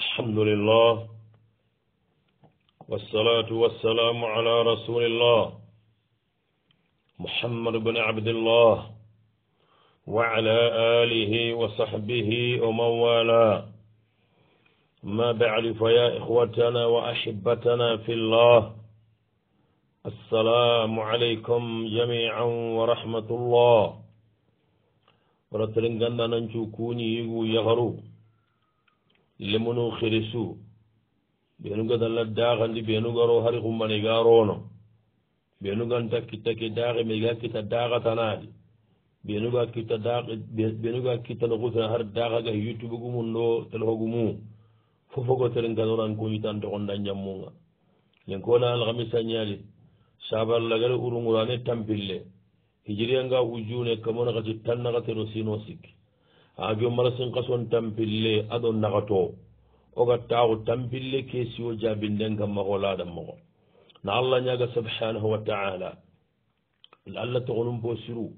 الحمد لله والصلاة والسلام على رسول الله محمد بن عبد الله وعلى آله وصحبه ومن والاه ما بعد فيا إخوتنا وأحبتنا في الله السلام عليكم جميعا ورحمة الله ورتلنغنا ننشو كوني يغرو lemono keresu ɓenuga dalla daxandi ɓenugaro hari xummaniga rono ɓenuganta kittake daxe mega kitta daxatanadi ɓenuga kitta ɓenuga kitta noxutina har daxaga yutubugumun ɗo telhogumu fofogo terenganoran kuñitan toxonda ñammunga lenkona alxamisa ñadi sabar lagare urugurane tampille hijiriyanga wujune kamona xati tannaxatero sino sikki ajo marasin kason tampille ado nagato oga tawo tampille ke siwo jabinden kam mago lada mago na allah nyaga subhanahu wa ta'ala allah to gonum bo siru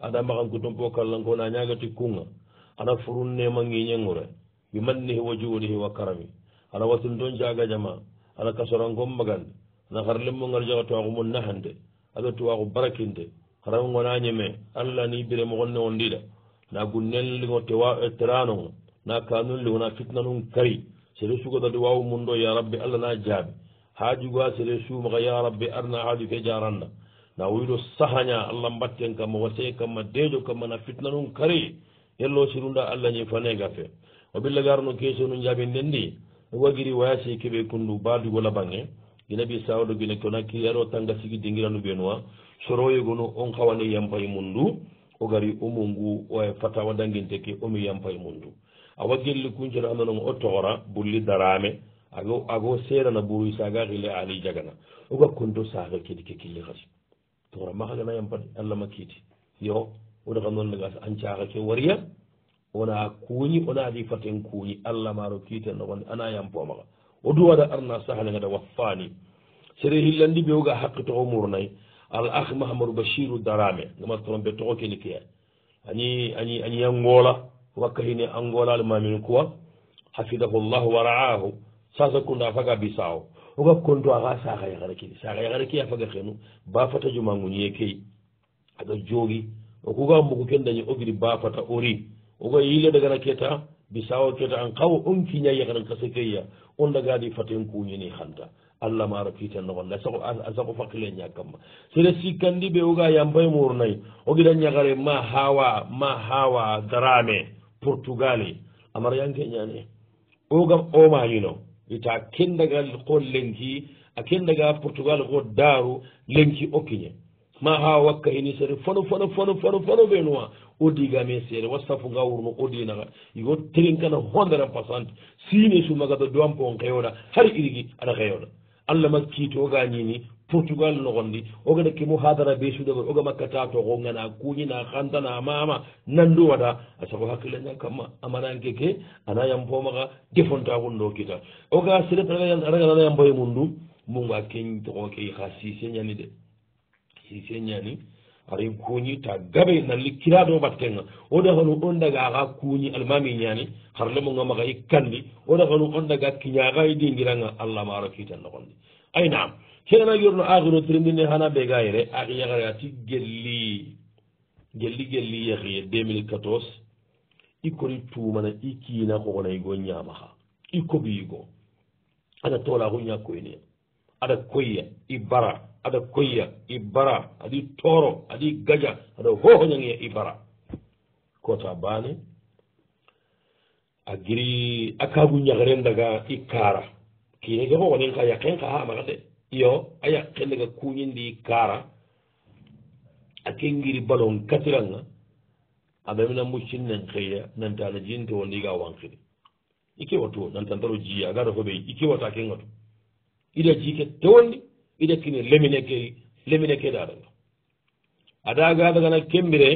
ada magan kutum bo kallan ko na nyaga tikunga ana furun ne mangi nyengure bi manni wa juwlihi wa karami ala wasun don jaga jama ala kasoran gom magan na harlim mo ngarjo to ko mun nahande ado to wa ko barakinde haram ngona nyeme allah ni bire mo gonne on dida na gunnenliŋo tewa etiranoŋ eh, na kanunliŋo na fitnanun kari sere sugodati wawu mundo ya rabbi allah na jaabi haajuga sere sumaka ya rabbi arna aadu fe jaranna na wuyido sahaña allah mbatten kamma wasee kamma deejo kamma na fitnanun kari yello sirunda allah ñi fanega fe o billa garno kesonu jaabinden ndi wagiri wayasi keɓe kundu baadugo labange guinabi sawado guine kona kiyaro tanga sigi dingiranu ɓenuwa soroyogono on hawane yampay mundu o gari omo ngu oye fatawa danginte ke omi yampay mundu awa gelli kuncera andano o tora bulli darame ago ago serana buruy saga xile ali jagana oga konto saxe kedi ke killi xati tora maxa gana yampat allah ma kiiti yo oda xandon nagas an caxa ke warya ona kuñi ona di faten kuñi allah maro kiite noxone ana yampomaxa o duwada arna saxalengata waffani sere xillandi ɓe oga xaqi toxo murnay al ah mahamadou bachiru darame gama trompe toxo keni keya ani ani ani angola wakkahini angola al mamin kuwa hafidahu llah wa raahu sasa kunda faga bisao oga konto aga saxa yaxara kini saxa yaxara ke a faga xenu ba fata jumanguñie key aga joogi okuga mbugu ken dañi ogiri ba fata ori oga yile dagana keta bisao keta an xaw on kiña yaxaran kase keya on dagadi faten kuñini xanta allah maro piten nogon la sago sago fakile ñaggamma sede sikkandi ɓe oga yampay mornayi o gida ñagare ma hawa ma hawa drame portugale amara yanke ñane ogam omalino ita kendaga ko lenki a kendaga portugal ko daru lenki okkiñe ma hawa wakka ini sede fono fono fono fono fono ɓe nowa odigame seede wastafunga wurno odinaa yo trinkana hundre pourcent sine sumagato duwanpon keyoɗa har irigi aɗa keyoɗa allah makkiito o gañi ni portugal nogondi ogaɗa ke mo hadara be suɗagol oga makka tatoxo gana kuñina xantana mama nandu wada a sago hakkillañang kamma amanankeke ana yampomaxa defontagun do kita oga sere aragana yambaye mundu mumga keñ toxo ke xa sise ñani de sise ñani aɗa kuuñi ta gabe nalle kiraɗo batten oɗa hono on daga aka kuuñi almami ñaani har lemo gamaka i kandi oɗa hono on daga kiñaka i dindiranga allah maro kiitan nogondi ay nam kena yorno akino trendine hana ɓegayere aki yakare ati gelli gelli gelli yahiye 2014 i kori tumana i kiina kokona i go ñamaha i kobi yigo aɗa tolaku ña koyniya aɗa koyya i bara aɗa koyya i bara aɗi tooro aɗi gaja aɗa hohoñangiya i bara kota baane agiri akagu ñagren daga i kaara kiine ke xoxonin xa yaqen xa xaa maxa de iyo a yaqen daga kuñindi i kaara ake ngiri balon katiranga adamina muccin nen xeya nanta na jinte wondi ga wanxini i ke watu nantantaro jiya agaata fo ɓey i ke wata ke ngatu ida jii ke tewondi ɓiɗe kine lemine ke lemine ke daɗoga ada gadagana kembire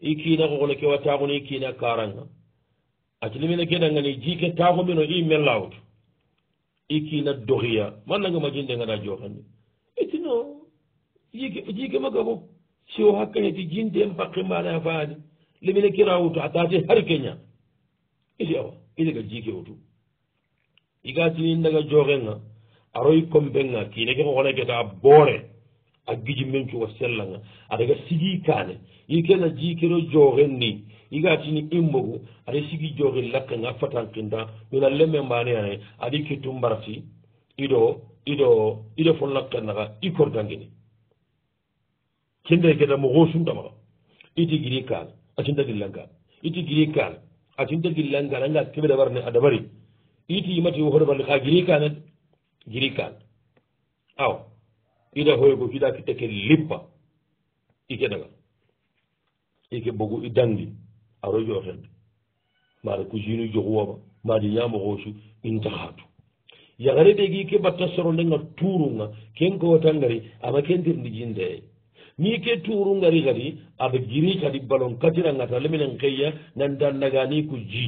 i kina kokono kewa taguno i kina karanga ati lemine ke dangani jike tagumino i mellawoto i kina dohiya mannaga majinde gana joxandi etino jike jike magabo sio hakkaheti jinde mbakki mbaɗaa faani lemine kira wutu atati har keña iti awa i daga jike wutu igatini daga joxenga aroy comme ɓen ga kiine ke xoxone geta boore a giji men cuga sellanga adaga sigi kaane i kena jikiro jooxen ni i ga tini i mbogu ada sigi jooxin lakkenga fatanqinta mina leme mbaaneyane adi kittu mbarti ido ido ido fo lakke naxa i kordangini kende geta moxo suntamaxa iti giri kaane acinta gillankaane iti giri kaane acinta gillankaane anga keɓe dabarne a dabari iti imati woxo dabarne xa giri kaane girigal aw ida hoygo ida ki teke lippa ike daga ike bogu i dangdi aro jootende mbaɗa cusine jogowoba mbaɗa ñamokosu in taxatu yagare ɓegi ke batta soro ndenga tuurunga ken kowata ngari aɓa kentir ndi jindeye ni ke tuuru ngari gadi aɓa giri kadi balon katirangata lemine keya nan dandagani ku ji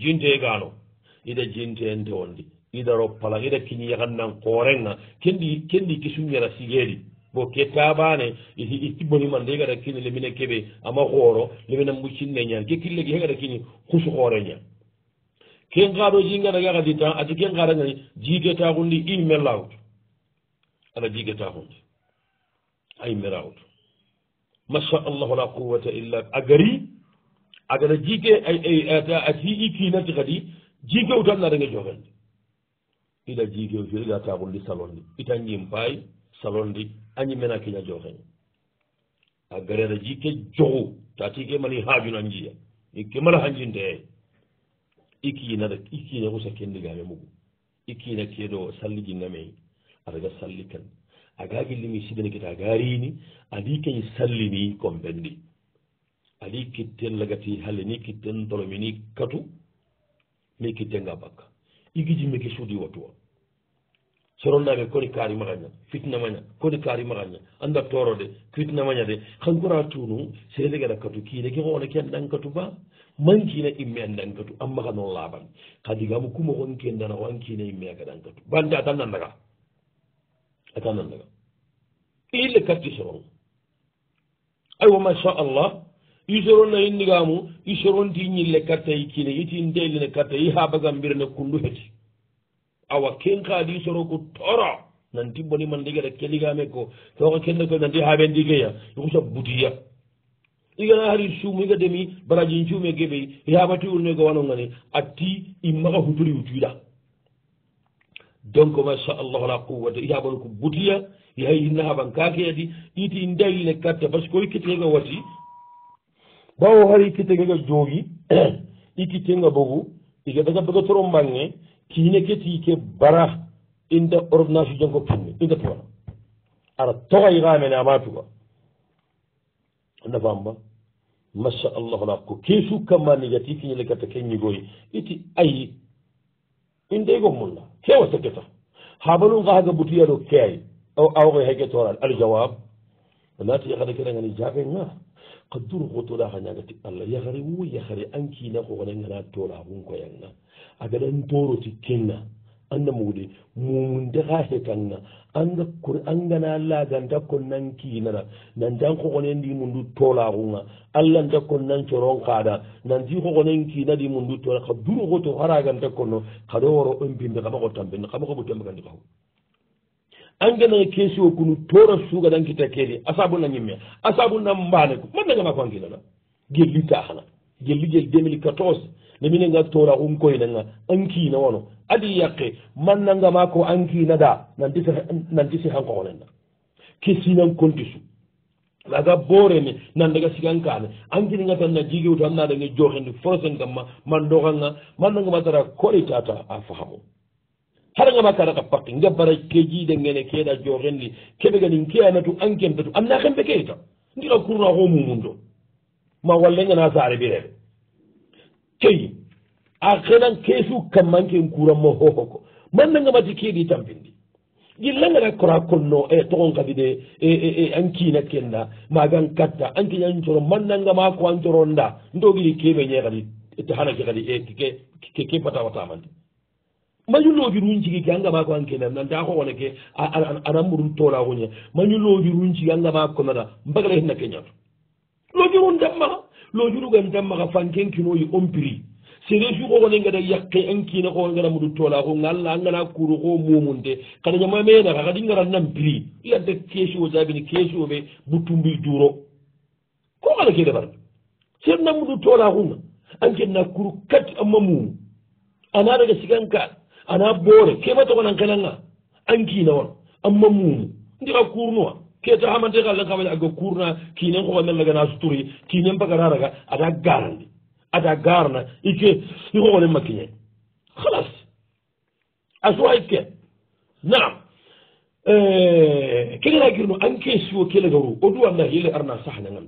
jinteganoo ida jinteente wondi idaro palaŋida kiñi yaganna kooreŋa kendi kendi kisuñara sigeeli bo ke taabaane iti bonimande igata kini lemine keɓe ama xooro lemine muccinne ñaan ke killegi hegata kini kusu xooreña ken xaaɗo jinganagaxadita ati ken xaaɗangani jiike taaxundi immelawut ala jiike taaxundi a immelawut masa allahu la quwata illa a gari agata jiike ati i kiinati xadi jiikewutannaɗange jooxendi ida jiigeo fi ida taɓolndi salon ndi ita ñim paay salon ndi añi mena keña jooxeñ a gareeta ji ke joxu ta ti ke mani haajuna njiya ke mala hanjinteye i kiina rek i kiine xusa ken ndigaame mugu i kiina ke do salli jinnamey a raga salli kan a ga gillimi sidani kita a gariini adi keñ sallini kombenndi adi kitten lagati halle ni kitten tolomi ni katu mi kitte nga bakka igijimbeke suudi wattu o soronnaɓe kodi kaari maxaña fitna maña kodi kaari maxaña annda tooro de fitna maña de xankora tunu seelegeda katu kiine ke xoone ke andankatu ba mankiina imme andankatu a maxano laaban xa digamu kumoxo nkendanaxo an kiina imme a gadankatu bante ata nandaga ata nandaga ille katti soron aywa macha allah i soronna indigamu i soronti ñille karta yi kine iti ndeylene karta yi ha bagam mbirene kundu heti awa ken kaadi soro ko toro nanti boni man ndigata keligame ko toko kenne ko nanti haɓe ndigeya yokusa butiya igana hari suumu iga demi barajin cuume geɓey yabatiwurne go wano ngane atti i maga hutori wutuiɗa donc masa allahu la quwata yaɓon ko butiya yahay hinna haɓan kakeyadi iti ndeylene karta par ce que o ikkitiego wati bawo har ikkite ngega joogi ikkitenga bogu iga daga bega toro mbange kiine keti ke bara inda ordonnage jango pinne inda tuwana ara toga yigamene amatuga nafamba masha allahu la ko kesu kamanigati kiñile kata ke ñigoyi iti ayi indego mulla kewa sakketa habanu ngaaga butu yalo keay aw awoxoy hayke toran aljawab nati yakada kerangani jaɓe ngaa kadduru xotola xa ñagati allah yaxari wu yaxari an kiina xoxonangana tola xunkoyanga a gada ntoroti kenga an namugudi mumunde xa hekanga angana laga nta konnan kiinara nantan xoxonendi mundu tola xunga allah nta konnan coron xaada nanti xoxonen kiinadi mundu tola xa duru xoto xaraga nta konno xado woro o mpimbe xa maxo tambe xa maxo ɓo tambe gandi xawu angenaa keesio kunu toora suuga dankita keele asaabu na ñimme asaabu na mbaane ko man nanga ma ko angilana gellita hana gelli jel 2014 nemine nga toora un koynanga ankiina wono adi yaqe man nanga ma ko ankiina da nanti si hankoxonenna kesinan konti su laga booreme nan daga sigankaane ankininga tan na jigewuto an naadange jooxendi forosen kam ma man doxanga man nanga ma tara koɗitata a faxamo hara ngama kara ka pakki jabbara kejiide ngene keeɗa jooxenndi keɓe ganin keyanatu anken datu am na xemɓe keyta ndira kurna xo mumum do ma walle ngana saare ɓireɓe key a xenan keesu kam manken kuran mo hoho ko man nangamati keeɗi tampindi gillangara kora konno e toxon kadi de e, e, e, an kiina kenna magan katta an kiñan coro man nangama ko an coronda ndogidi keɓe ñe xadi hanake xadi ke ke batawatamante mañulooji runcigi ke anga maako an kene nanta a xoxone ke anan mburu toolaaxuñe mañulooji runcigi anga maako konaga mbagala hinna keñatu lojurun dam maxa lojurugan dam maxa fanken kinoyi on prix seresu xoxone ngada yaqe an kiina xoxo ngana mudu toolaaxu ngalla angana kuuru xo muumunte xana ñama meenaxa xadi ngara nan prix ladda kesio sabini kesio ɓe butumbi duuro ko xana ke defar seru nan mudu toolaaxunga an kenna kuru kat ama muumu anaa daga sigan kaal ana boore kebata ko nan kana nga an kiina won amma muumu ndi ka kurnuwa keta hamante ka lan kawani aga kurna kiine ko mel laga na suturi kiine bagara raga ada garandi ada garna ike ni ko wonen makine khalas aso ayke na eh kene la girno an ke siwo kele garu o duwa na yele arna sahna ngam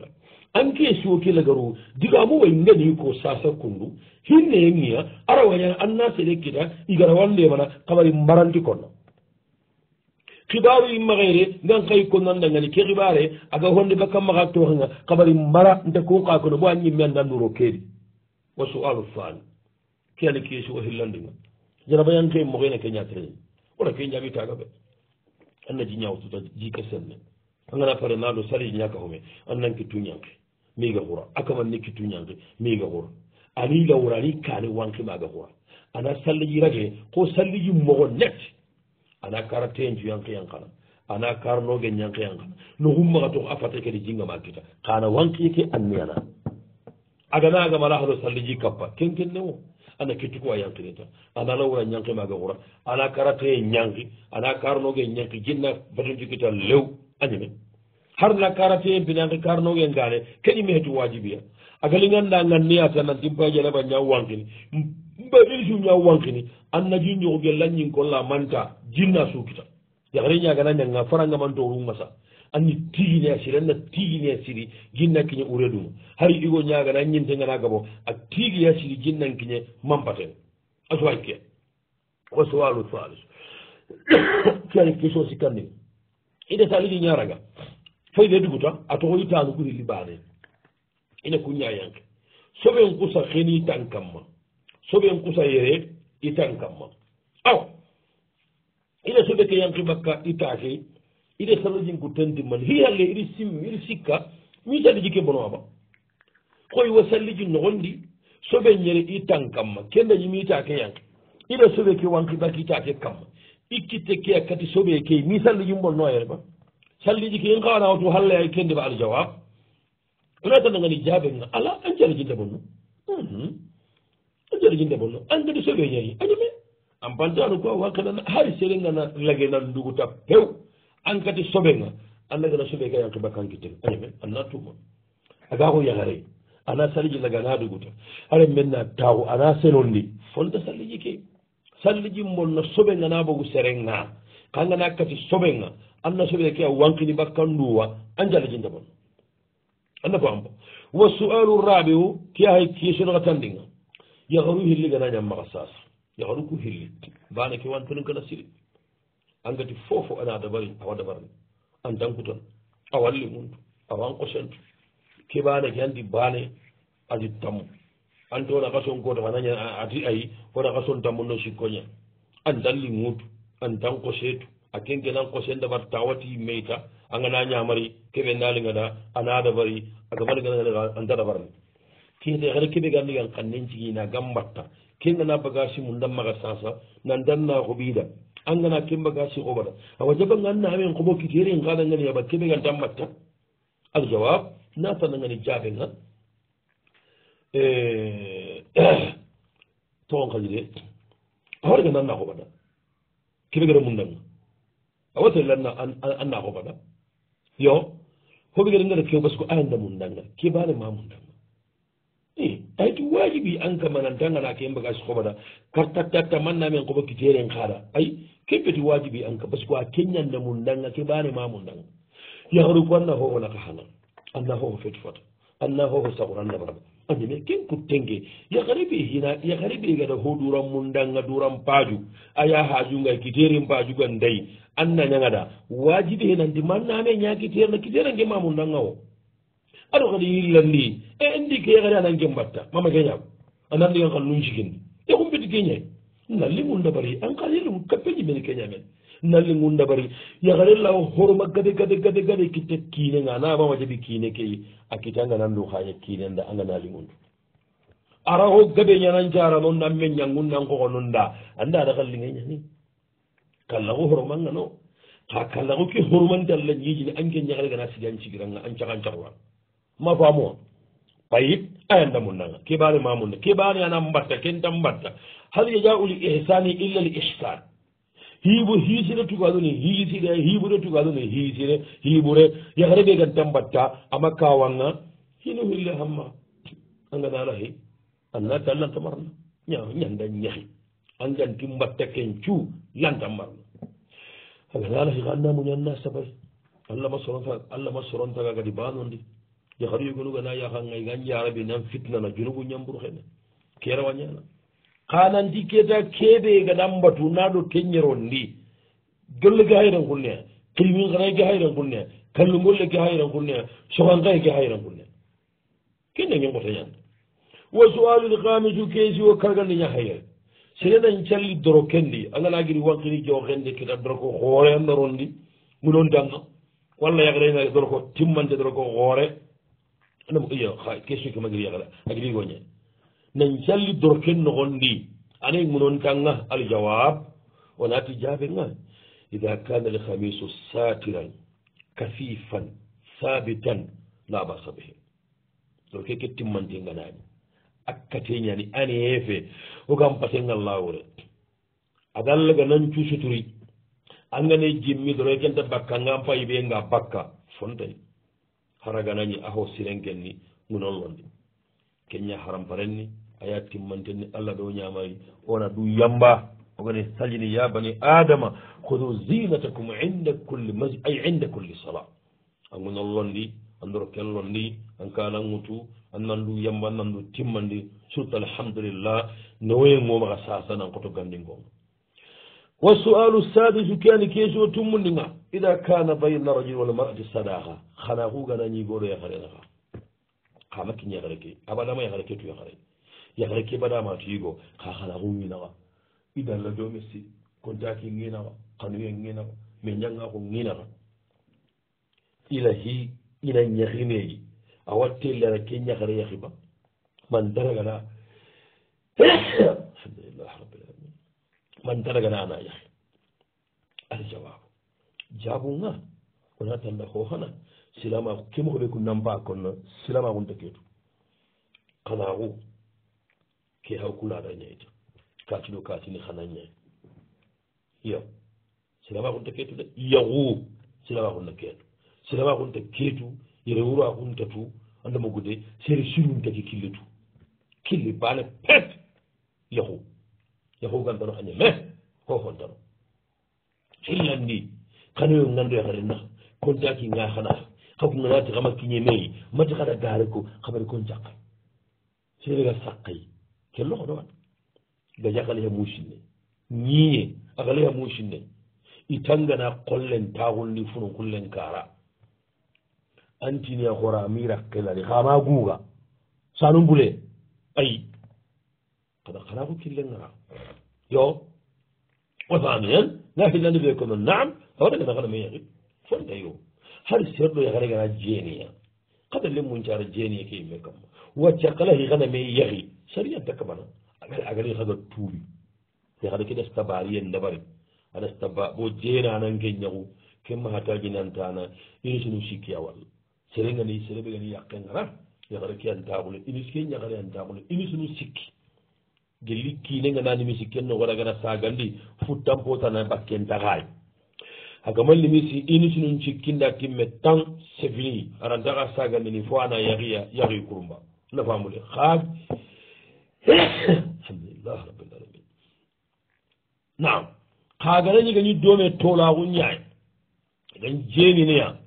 anke sookilagaru digamu wayngani ko sasa kundu hinne yeŋiya ara wayana anna sede kita igara wandemana kabari mbaranti konno kibaru imaxeere ngan xay konnandangani ke xibare aga honde bakka maxa toxenga kabari mbara nta ko xakono bo a ñimmeandanduro keedi wa sual fan ke ani kesi wa hillandinga janabayanke moxena ke ñatrei wala ke njaɓi taga ɓe anna ji ñawtuta jika senne angana pare nado sari ñaka home annanke tuñanke miga hura akaman nikki tuñante miga hura ani lawra ani kane wanki maga hura ana sallijirake ko salliji mogo net ana karateenju yanke yankana ana karnoge yanke yankana no hummaga to afata kedi jinga ma kita kana wankiyeke anniyana agana agamalahado salliji kappa kenkennewo ana kitti ko a yantirita ana lawra ñanki maga hura ana karateye ñanki ana karnoge ñanki jinna batunjikita lew anime har na karate binaki karnoge gane keɗimi hetu wajibiya agali ganda ganniya ta nanti bajeleba ña wankini mbailisu ña wankini annaji ñogo gella ñin kolla manta jinna sukita yakhari ñagana ñanga faranga mantoru masa anni tigine sirenna tigine siri jinna kiñe ureduma hari igo ñagana ñintengana gabo a tigiya siri jinna kiñe mampaten asuwai ke wa sowalu salis ken question sikkandin idetaligi ñaraga fay ne dugu tan a togo itanu ɓuri libanen ina kuñayanke soɓen kusa xini itan kam ma soɓen kusa yere itan kam ma a ina soɓeke yanki ɓakka itake ine salajinku tandiman hi halle iri sim iri sikka mi salijike bonoaba koy wa salliji noxondi soɓe ñere itan kam ma kenda ñimi itake yanke ina soɓeke wanki ɓakki itake kam ma i kitte ke a kati soɓeke mi salijin bonnoyere ba calliji ko yen kawana o to halla ay kendi ba aljawab ona tan ngani jaben na ala an jali jinde bonno mhm. an jali jinde bonno an gadi sobe ñayi añume an pantano ko wakana hay sere ngana lage nan nduguta pew an kati sobe nga an lagana sobe ka yanto bakanki ten añume anna tuma aga ko yaharay ana salliji laga na duguta aren men na taw ana senondi fonta salliji ke salliji bonno sobe ngana bogu sere nga kangana kati sobe nga allah soɓe ke a wankini bakkan nduwa anjala jinda bon allah ko amba wa sualu raɓe o ke hay kesionoka tandiga yaharu hilliganañam maxa sas yaharu ku hillitti bana ke wantonin kana siri angati fofo ana dabari awa dabarni an danku ton a walli muntu awan kosentu ke bana ke andi bane adi tammu anto wona kason goto anaña ati ayi wona kason tammu no sikkoña an dalli mutu an danko seetu a kenkenan kosende bat tawati meyta a gana ñamari keɓe ndali gana a nadabari a gabani gaaantadabarani kiete xene keɓe ganndigan xan nen cigina gam mbatta kengana bagasi mu ndam maxa sansa nan danna xoɓida angana ken bagasi xoɓata awa jabangan naamen xoɓo kiterin xadangani aba keɓe gan tan mbatta eh, aljawab na tanangani jaɓenga toxon xaƴide awarga nanna xoɓata keɓe gata mundanga awata lanna anna ko baɗa yo hoɓe geɗe gara kew ɓasko ayanda mum danga kebane mamum danga i ayti wajibi an kamana dangana kembagasi hoɓaɗa kartattatta mannamen koɓakki teren haɗa ay kebeti wajibi an ka pasque a keñanda mum danga kebane mamum danga yahru ko anna hoho naka hana anna hoho feti fota anna hoho sahuranna baraba anime ken ko tengue yakareɓe hina yakareɓe gada ho duran mum danga duran paju aya hajungay ki teren paju gan dayi anna ñagada wajibe henandi mannaame ñaaki terna kiterna gemamu ndanga o aɗo kada yillandi e andi ke kadi anan gem batta mama geñam anandi gan kal nuncikindi e humbiti geñay nalli ngu dabari an kalilu kappeji men keñamen nalli ngu dabari yakare law horoma gade gade gade gade kitte kiine nga na mama jabi kiine key a kiti anga nandu haña kiinenda anga naali ngundu ara ho gabe ñanan jara non nan men ñangu nan koko nun da anda aɗa kallingeñani kala ko hormanga no ha kala ko ki hormande allah jiji ni anke nyaare gana sigan cigiranga an cakan cakwa ma famo bayi ayanda munanga ke bare mamun ke bare ana mbatta ken tam mbatta hal ya ja'u li ihsani illa li ihsan hibu hisire tu gado ni hisire hibu re tu gado ni hisire hibu re ya rebe gan tam mbatta ama kawanga hinu hilla hamma anga dalahi anna tallan tamarna nya nyanda nyahi anjan gimbatteken cuu lantan marno agaala hiannamuñanna sabari allahma sorontaga gadi banondi yahadu yugunugana yahanga igan jarabi nan fitnana junubu ñamburu hene kerawañana kananti keta keɓe gadambatu naɗo teñero ndi golle ge hayren kunnea krimin kanay ge hayren kunnea kallugolle ge hayren kunnea sogan kaye ge hayren kunnea kenne ñingotañan wa sualul kamisu keesi wo kargandi ña hayre seeɗan calli doro kenndi alalaagiri waqini jooxende kita doroko hoore ndorondi muɗon danga walla yagrena doroko timmante doroko hoore iyo question ke magiri yagra agirigoñe nan calli doro ken nogondi anay munon tanga aljawab wonati jaabenga ida kana alhamisu satiran kafifan sabitan la basa bihi doroke ke timmante nganani akkateñani aneefe hogampatengal lawol adallaga nan cuusuturi angane jimmi doroykenta e bakka ngam fayiɓe nga bakka fontani haraganañi aho sirenken ni gunollonde keña haramparenni aya timmantenni allah ɗo ñamayi ona du yamba ogane salini ya bani adama hodo zinatakum inda kulli mas ay inda kulli sala a gunollonndi andoro kellon ndi an kalanŋutu anndu yamba anndu timmandi surt alhamdulillah no woye ngooma ka sasanan koto gandingoma wa sualu sadisu kani question tummundinga ida kana bayna rajul wala marati sadaka xana kuganañi goro yaxarenaxa xamakin yaxare ke abadama yaxare ke tu yaxare yaxare ke badama tuyigo xa xana ku ginaxa ida ladome si contaki ginaxa xanuye ginaxa me ñangako ginaxa ilahi ina ñaxineyi a wattelle ara ke ñakara yahima man daragana alhamdulillahi rabbil alamin man daragana ana yahi aljawabu jaabu ga wona talla ho hana silama kemoɓe ko namba konno silama wonta keetu kanaku ke haw kulaɗa ñayta kaatiɗo kaatini xana ñay yo silama gonta keetu de yahu silama gonta keetu silama gonta keetu yere wuro a hunta tu andema gude seere surumtaki kille tu kille bane pet yahu yahu gandano añe me hohontano sillan ni kanoyo ganduya hare na kontaki gahana hako ganati kama kiñe meyi mati kada gare ko habari kon jakkay seerega sakkay kellohono wat gajakaleya musinne ñiye akaleya musinne itangana kollen tahol ni funo kullen kara antini a xora mi raqqelari xama guuga sanumbule ayi kada xana ku killengara yo o samien nda xillani fe comme naam awaregana xanama yaxi fondayo har serɗo yaxaregana jeeneya xada le muncara jeene ke yime kamma wacca qala xi xaname yaxi saria dakabana agar agari xaga tuubi yaxada ke destabari yen ndabari a destaba bo jeenanan ke ñaxu ke maxata ginantana insinu sikki a walla serenga nayi sere ɓegani yaqqengara yaxara ke an daaxule unis ke ñaxare an daaxule unis nu sikki gelli kiinenganaanimi sikken no waragana saagandi futtanpootana bakken taxaay agamallimi si unis nun sikkinda kimme tan sefini arantaxa saagandini fo ana yaxiya yaxi kurumba nafamule xaaj alhamdulilah rabil alamin naam xaagana ñigañi doome toolaaxu ñaay gañ jeenineya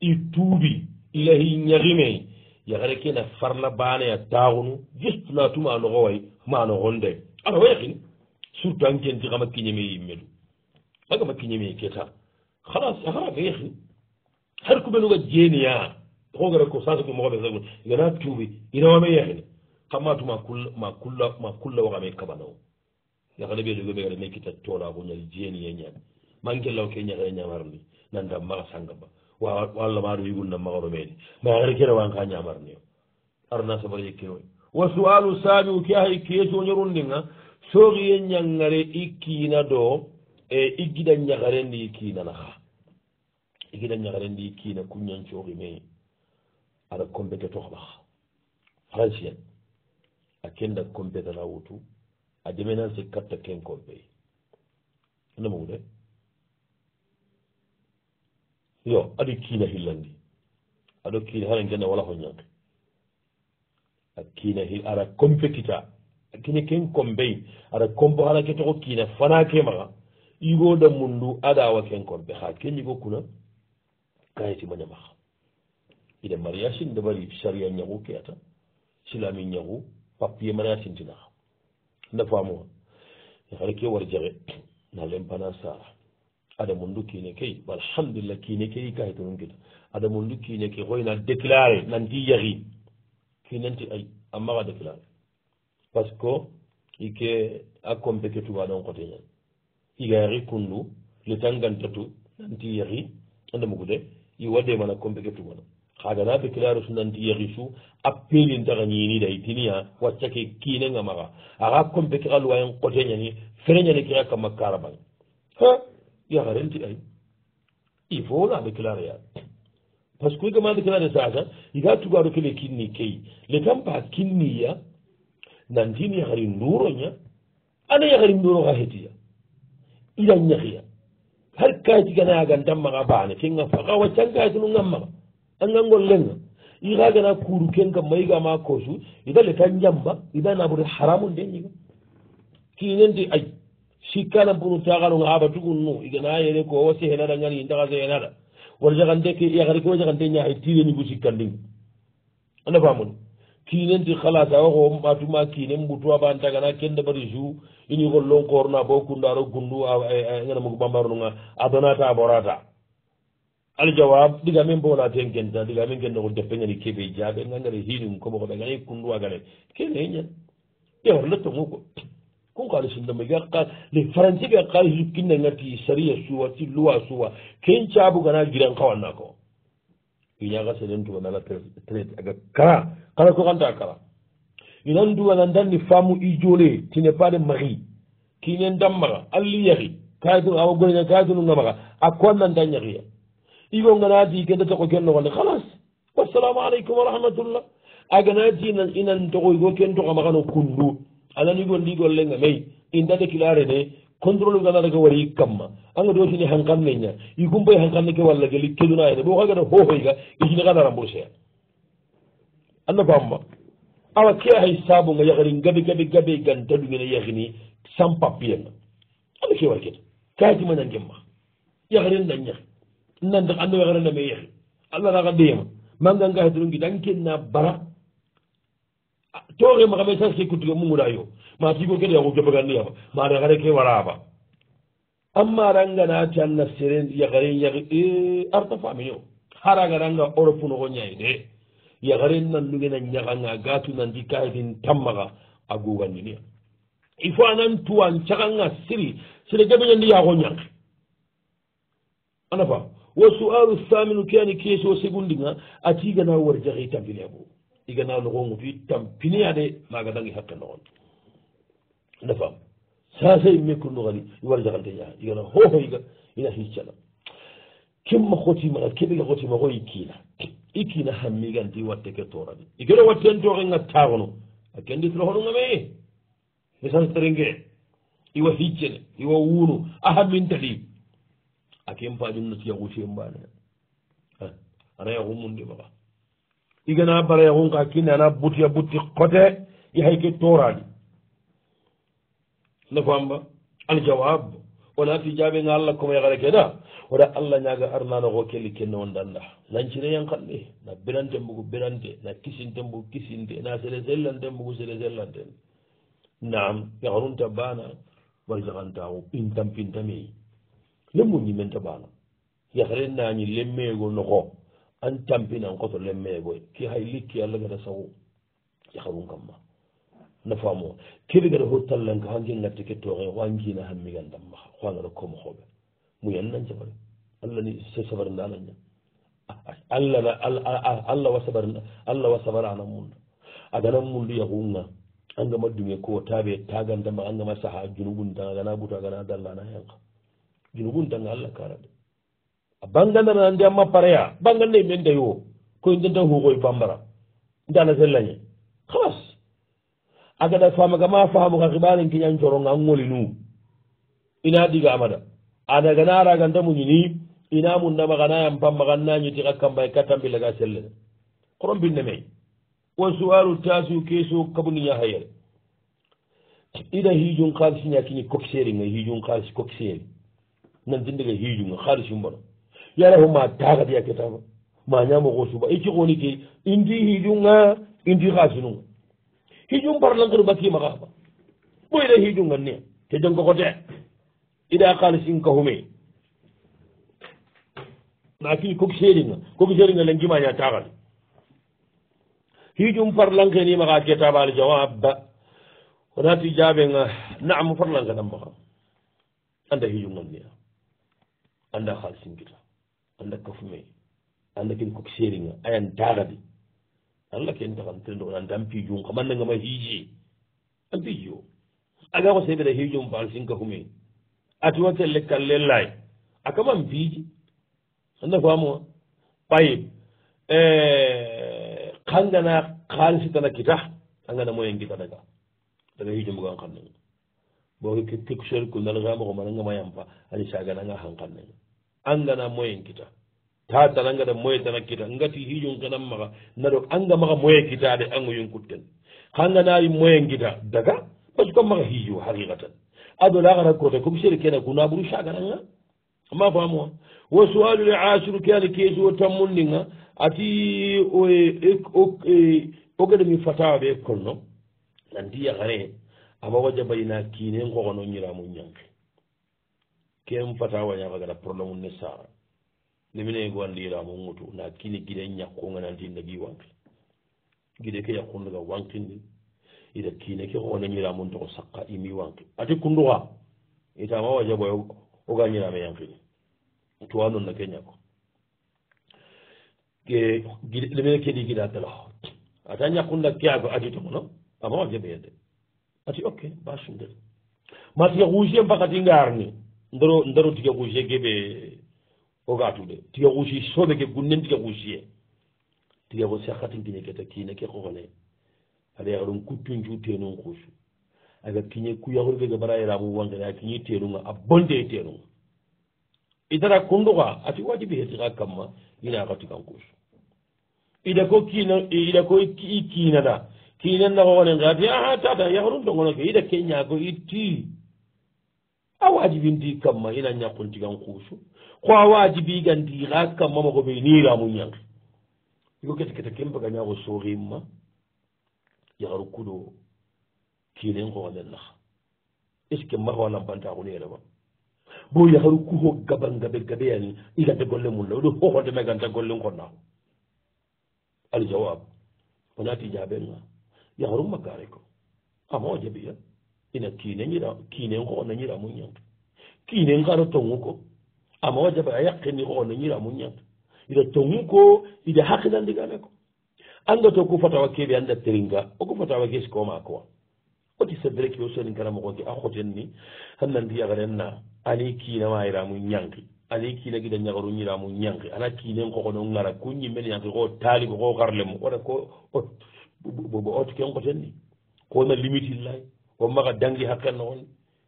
i tuubi ilahi ñahimey yahare kena farla baanaya taaxunu juste natu ma noxoway ma noxonde ano wayaxin surtout anken ti xama kiñeme yimmedu agama kiñeme keta xalas axarage yaxin har ku ɓenuga jeeniya xogere ko sasuki moxoɓe sag yana tuubi inawame yaxin xamatu ma kul ma kulla ma kulla waxame kaɓanao yaxane ɓeɗuge megare me kita tolaxuñal jeeniya ñan mangelaw ke ñaxe ñamarndi nanda maxa sangaba wa allah maɗo yigunnan maoro meɗe ma ere kere wan ka ñamarneo arna sabar yekkewoy wa sualu samiu ke ha ikkeesoñorun ndinga sooxiye ñangare ikkiina do e iggida ñagarendi ikkiinana xa igida ñagarendi ikkiina kuñan cooxi me ada compéte toxba xa francien a kenda compétena wutu a demenan si katta ken compé nama wude yo aɗo kiina hillandi aɗo kiina haɗa jannda wala ho ñanke a kiina hi aɗa compétita a kiina ken kombey aɗa compo haɗa ke toko kiina fana ke maga igoda mundu aɗawa ken kombe ha kenñigo kuna kayeti mane maga ida mariasin da bari saria ñagu ke ata silami ñagu papier mana tintinaxa nda famuwa xaɗa ke war jaxe na lempana sara aɗa mundu kiine key walhamdulillah kiine keyi kayitunum kita aɗa mundu kiine key hoyna déclaré nanti yahi kinanti ay ammaxa déclaré par ce que ike a compéke tubaɗon xoteñan igayaxi kundu le tan gantatu nanti yahi anda mugude i waddemana compéke tubana xagana déclaré su nanti yahi su a pelintaxa ñiniday tiniya wacca ke kiinenga maxa axa compéke xa luwayen xoteñani fereñane kexa kamma karabang yaharenti ay il faut la déclaré a par ce que gama déclaré saaka yiga tugaro kele kinni key le tampa kinniya nantin yahari nduroña ana yahari nduro ha hetiya ila ñahiya har kayti ganaya gan dammaga bane kenga faka waccan kayti nu gammaga angangol lenga yiga gana kuru kenga mayigama kosu ida leta jamba ida naɓuri haramu ndeñiga kinenti ay sikkala bunu taxanonga abatugun nu igana yere ko wa sehelarangani intaxa sehelara wara jaxante ke yaxari ke wa jaxante ñaxe tirenigu sikkandin anda famoni kinenti xalas awa xoo matuma kine mbutu abantagana ken ndabari jou ini xollon koorna bo kundaro gundu ngana mogu bambaronga adonata aborata al jawab diga men bona ten kenta diga men ken nogo deppe ngani kebe jaabe ngangare hinum komoxoɓe ngana kundu wagane kene ñan ewarlettomu ko kon ko ala sillama yakka le franci ɓe kala sukkinna ngarti saria suwa ti loi suwa ken caabugana giran kawanna ko iñaka seden tuganala trate aga kara kala ko kanta kara inan dugana danni famu ijole ti n'est pas de mari kine dammaga alli yahi kayitun awa gonea kayitunu ngamaga a konnanta ñahiya igo nganati kenta toko ken nogonde halas wassalamu aleykum warahmatullah aganati inan togo igo ken togo maga no kundu a nanigol ndigol lenga nayi in da déclare ne controle nga nanake wari kamma anga dootini hankan ne ña i gumbay hankan ne ke walla geli keduna yene bo xagata hoxoyga i cine xana rembourcer a nafa ma awa ke ay sabonga yaxini gabe gabe gabe ganta ɗugene yaxini sans papier nga ana ke war keta kaatima nange ma yaxarin na ñax nandax anda waxarana me yaxi allah naxa deyema mangangaxetunu ngidan ken na bara toore maxame sa sekutiga mumuda yo ma tigo kede yaxu jobaganniyama mada xare ke waraaba ammadangana ti anna seren yaxare yaxi e, arta famio haraganaanga europe noxo ñayi de yaxare nannugena ñaxanga gatu nandi kaetin tammaxa a guganniniya il faut anan tuwa caxanga siri sire jabeñandi yaxo ñanki anafa wa sualu thaminu ke ani kesoo segundinga a tigana warjaxi tambinea boo iganaw no gongo fi tampiniyade maga dangi hakke nogon nafam sasa mekkur nogani iwara jaganta ya igana hoho iga ina hiccana kimma hotimaa keɓiga hotima ho i kiina i kiina hammiganti watte ke torani igeno wattentoxenga taxono a kendi tirohonunga me message teringe iwa hiccene iwa wunu a hammintali a kem paƴum no tiyaxu tembane anayaxumundimaxa igana barayaxunka kine ana butiya buti kote yahayke torani nafamba aljawab wonati jaɓenga allah komay xara ke da oda allah ñaga arnanoxo keli kenne on danda nancine yankande na birante mbugu birante na kisinte mbugu kisinte na sele sellante mbugu sele sellanten nam yaxarunta bana warjaxantaxu in tampintamei lemu ñimen ta bana yaxare nañi lemmeego noxo an campina nkoto lemmee boy ki hay likki allah gata sawo yaharun kam ma nafamo kebe gata hottallanka hanki ngatti kettoxe hoangina hammigandamma hoangata komo xooɓe muyan nan sabari allah ni so sabarinda alaña allah wa sabarina allah wa sabarana munda agana mundu yahunga angama dunge ko taɓe tagandama angama saha junubuntan agana buta agana dallana henka junubuntanga allah karade bangandana nandi amma pareya bangande men dayi o koye ndenta hukoy bambara e ndana se lañe halas agada famagama faamu ka xibaren kiñan coronga ngoli nu ina diga amada adagana araganta muñini ina mundama xana yam pammaxannañiti xa kambay e kattambilaga sellene korombinne mey wa suwaru tasu keso kabuniña hayere ida hijun xaalisi ña kiñi coxeringa hijun xaalisi coxeri nantindiga hijunga xaalisi mbono yala ho ma daga dia kitama ma nyamo go suba iki e goni ke indi hidunga indi gasinu hijum parlan kar baki ma gaba boy da hidunga ne te jongo ko de ida qalisin ka hume na ki ko sheringa ko lan nya tagal parlan ke ni ma ga kitaba al jawab wonati jaɓega naam forlanga nam maha anda hidunga ne anda kita. anda kafume allah ken koki seeriga ayan daarade allah ken tagantirede onan dampi jum kamandagama hiiji ampiji o aga ko seedere hiijom bal sin kafume atiwante lekkal lellay akaman piiji anda famoa ɓay eh, kangana kalisi tana kita angana moyen gita daga daga hiijo mbogan kannega bo kekusoel kundalgamoko manangama yampa ani saganaga han kannega angana moyen kita ta tana ngada moye tana kita ngati hijun kanam maga nado anga maga moye kita de angu yun kutken hanga nari moye ngita daga parce que maga hiju haqiqatan ado la gara kote kum shir kena kuna buru shagana nga ma fa mo wa su'alu li asir kiyani kiyju wa tamundi nga ati o e, e o e o mi fata be konno nan diya gare aba wajaba ina kine ngogono nyiramu nyanke ken fata wañaa gara probléme ne sa lemine go andi yiraamo ŋutu na kini gide ñakkoŋanandi nagi wanki gide ke yakkundaga wankindi ida kine ke xoone ñiramun toko sakka imi wanki ati kunduxa itama wajaboy oga ñirame yankini tuwa nonna ke ñakko lemine ke ɗigida gala ata ñakkunda keago adi tomono ama wajaɓeyede ati ok basundel matiga xuusien fakatingaarni ndaro ndaro tiga kuusie geɓe o gatuɗe tiga kuusi soɓe ke gunnen tiga kuusie tiga ko sakatin kiñe keta kiine ke kokone aɗa yakaɗum kuccun cu tenun kuusu aga kiñe kuyakuru kege bara yeramu wankene a kiñi tenunga a bonde e tenunga itara kondoka ati wajibi hetika kamma ina ka tikan kuusu ida ko kiina ida ko i kiinata kiinen na kokone ngati aha tata yakarum tongono ke ida keñako i tii a wajibindi kamma ina ñakkonti gan kuuso ko a wajibi gandi ha kamma ma komi niramu ñanke iko kete kete kempaga ñako sorimma yaharu kudo kinen koxalenaxa est ce que maxa wa lampantaxuneerewa bo yaharu kuho gaban gabe gabe yani iganta golle mun la o hoxondeme ganta gollen konnaxo aljawab onati jaɓenga yaharu maggareko amao jabiya ina kiinañira kiinen xoo nañira mu ñanta kiinen xara tongu ko ama wajaba a yakkeni xoo nañira mu ñanta ida tongu ko ida xaqinandigane ko anga to ku fatawa keɓe anda teringa oku fatawa ke sikoma quoi oti sabire ki o soni karamoxo ke a xoten ni xannandi yaxarenna ani kiinamayiramu ñangi ani kiina gida ñaxaru ñiramu ñangi ana kiinen xoxono ngara ku ñimmen ñangi xo taalibu xo xarlemu wata ko ot bo ot ken xoten ni kona limitillay wonmaka dangi hakkanno on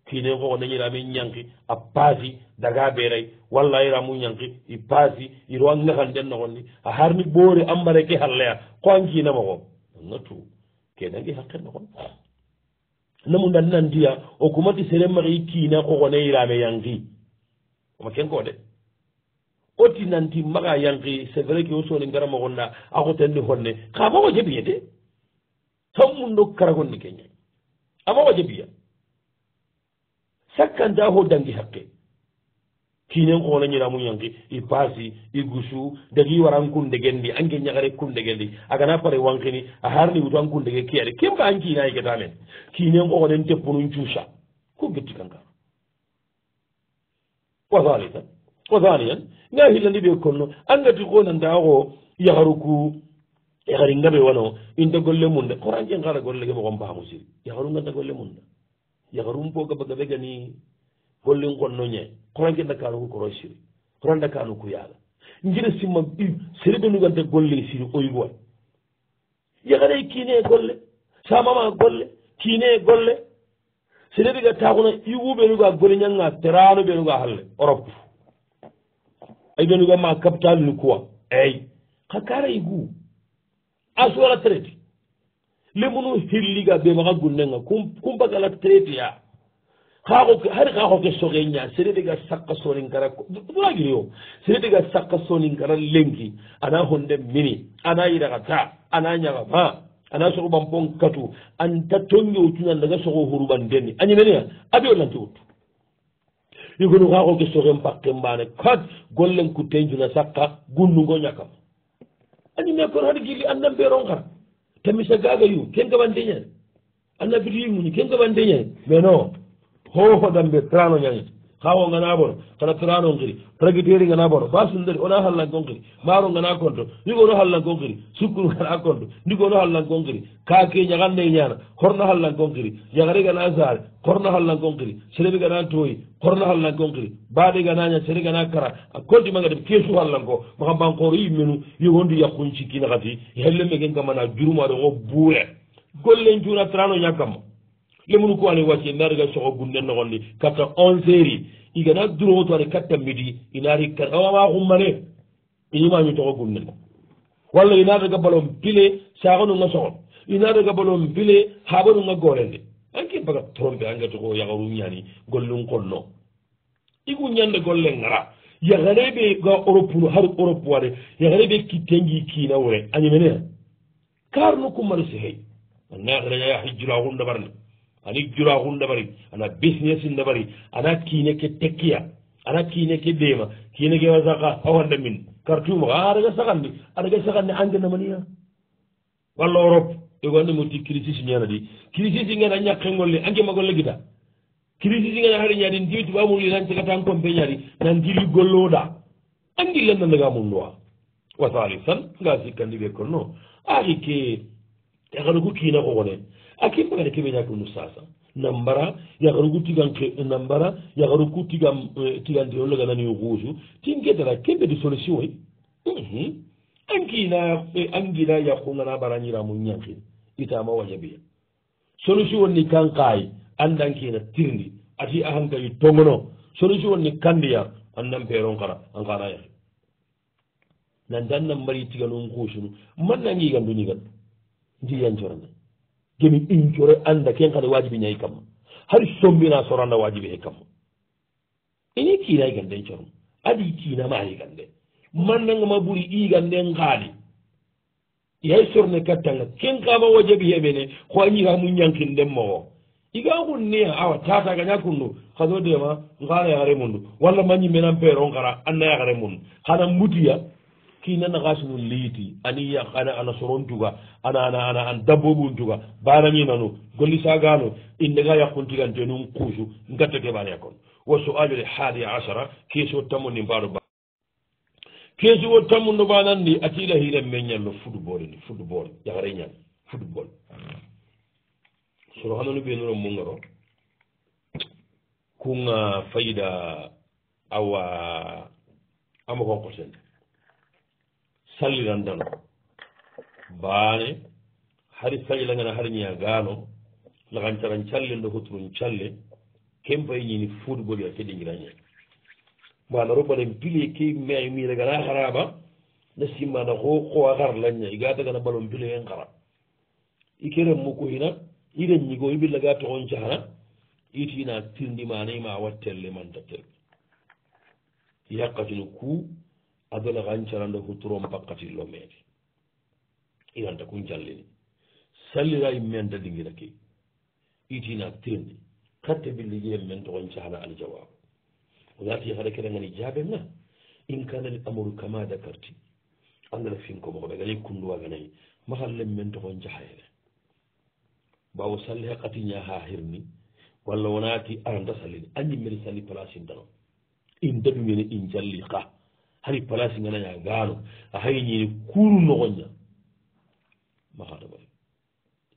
tinen koko dañiramin ñanki a paasi daga beeray walla ira mu ñanki i paasi iro a ngakanten noxondi a harni ɓoore a mbare ke halleya ko an kiinama xo nonna tu ke dangi hakke noxon namu dan nandiya o kumati seremaxi kiina xoxone irame yanki oma kenko de oti nanti maga yanki c'est vrai ke o sooni ngara moxonda a xotenni honne xa fo xo jeɓiye de sammundo karagonni ke ñai waje biya sakkan ho dangi hakke kinen kono mun yanki i paasi i gusu dagi waran kun anke ñagare aga na pare wankini a harni wutu an kundege kin ba an kiinayi ketamen kinen kokonen punun cuusa ko gitti kanka wasalitan wasaniyan nga hillandi ɓe konno angati ko nanta ko yaharu e hari ngame wono inta golle mum de koran ken hara gollege mogon bamusiri yaharu ganta golle mum de yaharum poga baga ɓe gani gollen gonno ñe koran ke dakanuku koro siri koran dakanuku yaala jira simma sereɓe nuganta golle siri oygoy yahare kiine golle samama golle kiine golle sereɓe ga taguna iwuɓe nuga gole ñanga terano ɓe nuga halle europe ayɓe nuga ma capital ni quoi eyi ha kara igu a suwaxa traite lemunu hilliga ɓemaxa gunnenga kumbagala traite ya har xaxo ke soxe ña seretega saqa soningara dragiri yo seretega saqa soningara lengi ana honde mini ana yiraxata ana ñaxama ana soxubanpon katu anta tongewo cuna ndaga soxo hurubandeni a ñimenea a ɓeo lanti wutu yegonu xaxo ke soxen paqe mbane kat gollen cutten cuna saqa gunnungo ñakam ani mais kono haɗa gilli andan ɓeeron kam tamisa gaga yu ken gaɓan deñani annabiri yimmuñi ken gaɓan deñani mais non hoho dambe trano ñañata kawo ngana boro kana kranon giri pragitari ngana boro basundari ona hallankon giri maro ngana konto ndigo ono hallankon giri sukkuru ngana konto ndigo ono hallankon giri kake ñaganne ñana horno hallankon giri ñagari gana sare korno hallankon giri serebi gana toyi korno hallankon giri baɗe ganaña sere gana kara a kontima gade kesu hallanko maka mbankoro yimmenu yo wondu yakkun cikkina kati hellemme gen kamana jurumaɗo o buure gollen cuna trano ñakkamma lemunu ko ani wasi mer ga soxo gunne noxonli katta onze heure i gana duroxoto ane katta midi inari awama xummane inimami toxo gunne walla ina daga balon pile saxonunga soxon ina daga balon pile xaɓanunga golende anke baga trompe anga toxo yaxaru ñani gollun qolno igu ñande golle ngara yaxere ɓe ga europe nu har europe ware yaxere ɓe kittengi kina wure anime ne kar nu kumarisehey anaxereya hijra xun ndabarne ani jurahun dabari ana businessin dabari ana kiine ke tekkiya ana kiine ke deema kiine ke wasaka awanda min kartuma a ah, adaga sagandi adaga sagandi angenamaniya walla europe ego andi moti crisise ñana di crisise ngena ñakkengolle angemagolle gita crisise ngena hari ñadi ndiwi tubamuli tan cegatan pompe ñadi nan ndiri golloda angi lennandaga mum loi wasali san nga sikkandi ɓe konno aki ke ehano ko kiina kogone akimɓe kadi keɓe ñaag ɗum sasa nam mbara yakaru ku tigan nam mbara yakaru ku tigan eh, tiganti o laga nani ruuju tin kedara keɓe de solution oy ankina angina eh, yakkungana baranñiramu ñankin itama wajabiya solution wonni kankaayi andankina tirndi ati ahankayi tongono solution wonni kandiya andan peeron kara ankana yahi nandan nam mbari tiganu ruusunu mannangigandu nigan ndiyancorana gemi injore anda ken kada wajibi ñayi kam hay sombina soranda wajibi he kam ini kiina i gande corom adi kiina maayi gande mannangama ɓuri ɗigande haali yay sorne kattanga ken kama wajabi he ɓene ko añihamu ñankin ndemmo o iga hunne awa tata gaña kundu hado dema ngaara yaare mundu walla mañimmenan peero ngara annayaare mundu hana mbutiya kinana hasinun liiti aniyana ana sorontuga ana ana ana an dabbobuntuga bananinanu golli sagano indega yakkuntigante nun kuusu ngatta kebaneya kon wo soalu le hadi asara keesi wo tammundi mbaɗo ba keesi wo tammundo banandi atiila hiren me ñallo football ni football yahare ñal football soro hanonu ɓenuro mungaro kunga fayida awa amakonko sen sallirandano baane hari sañila ngana hari ñiya gaano lakancaran calle ndo hotturun calle kempaye ñini fuud boɗi a keɗiñiraña mana robbanen pile key may mire gana xaraɓa na simmana ko qowa xar lanña i ga dagana ɓalon pile en xara i keren mu kuhina iren ñigo i ɓilla ga toxon caxana itina tirndi mana ima wattelle manta tel yaqatinu ku adola xan carando huturon pakkatillo meede iranta kun jallini sallira immenta dingina ke itina tirni katte billiji emmen togon cahana aljawabu wonati hara kerengani jaabe ga in kanali amaru kama dakarti angala finko moxoɓe gani kunduwaganayi maxallen men togon jahayene bawo sallihe katiña ha hirni walla wonati aranta sallini anjimmeni salli placeindano in dadumene in jalli xa hari place ganaña gaano a hayñini kuru nogoña mahatabay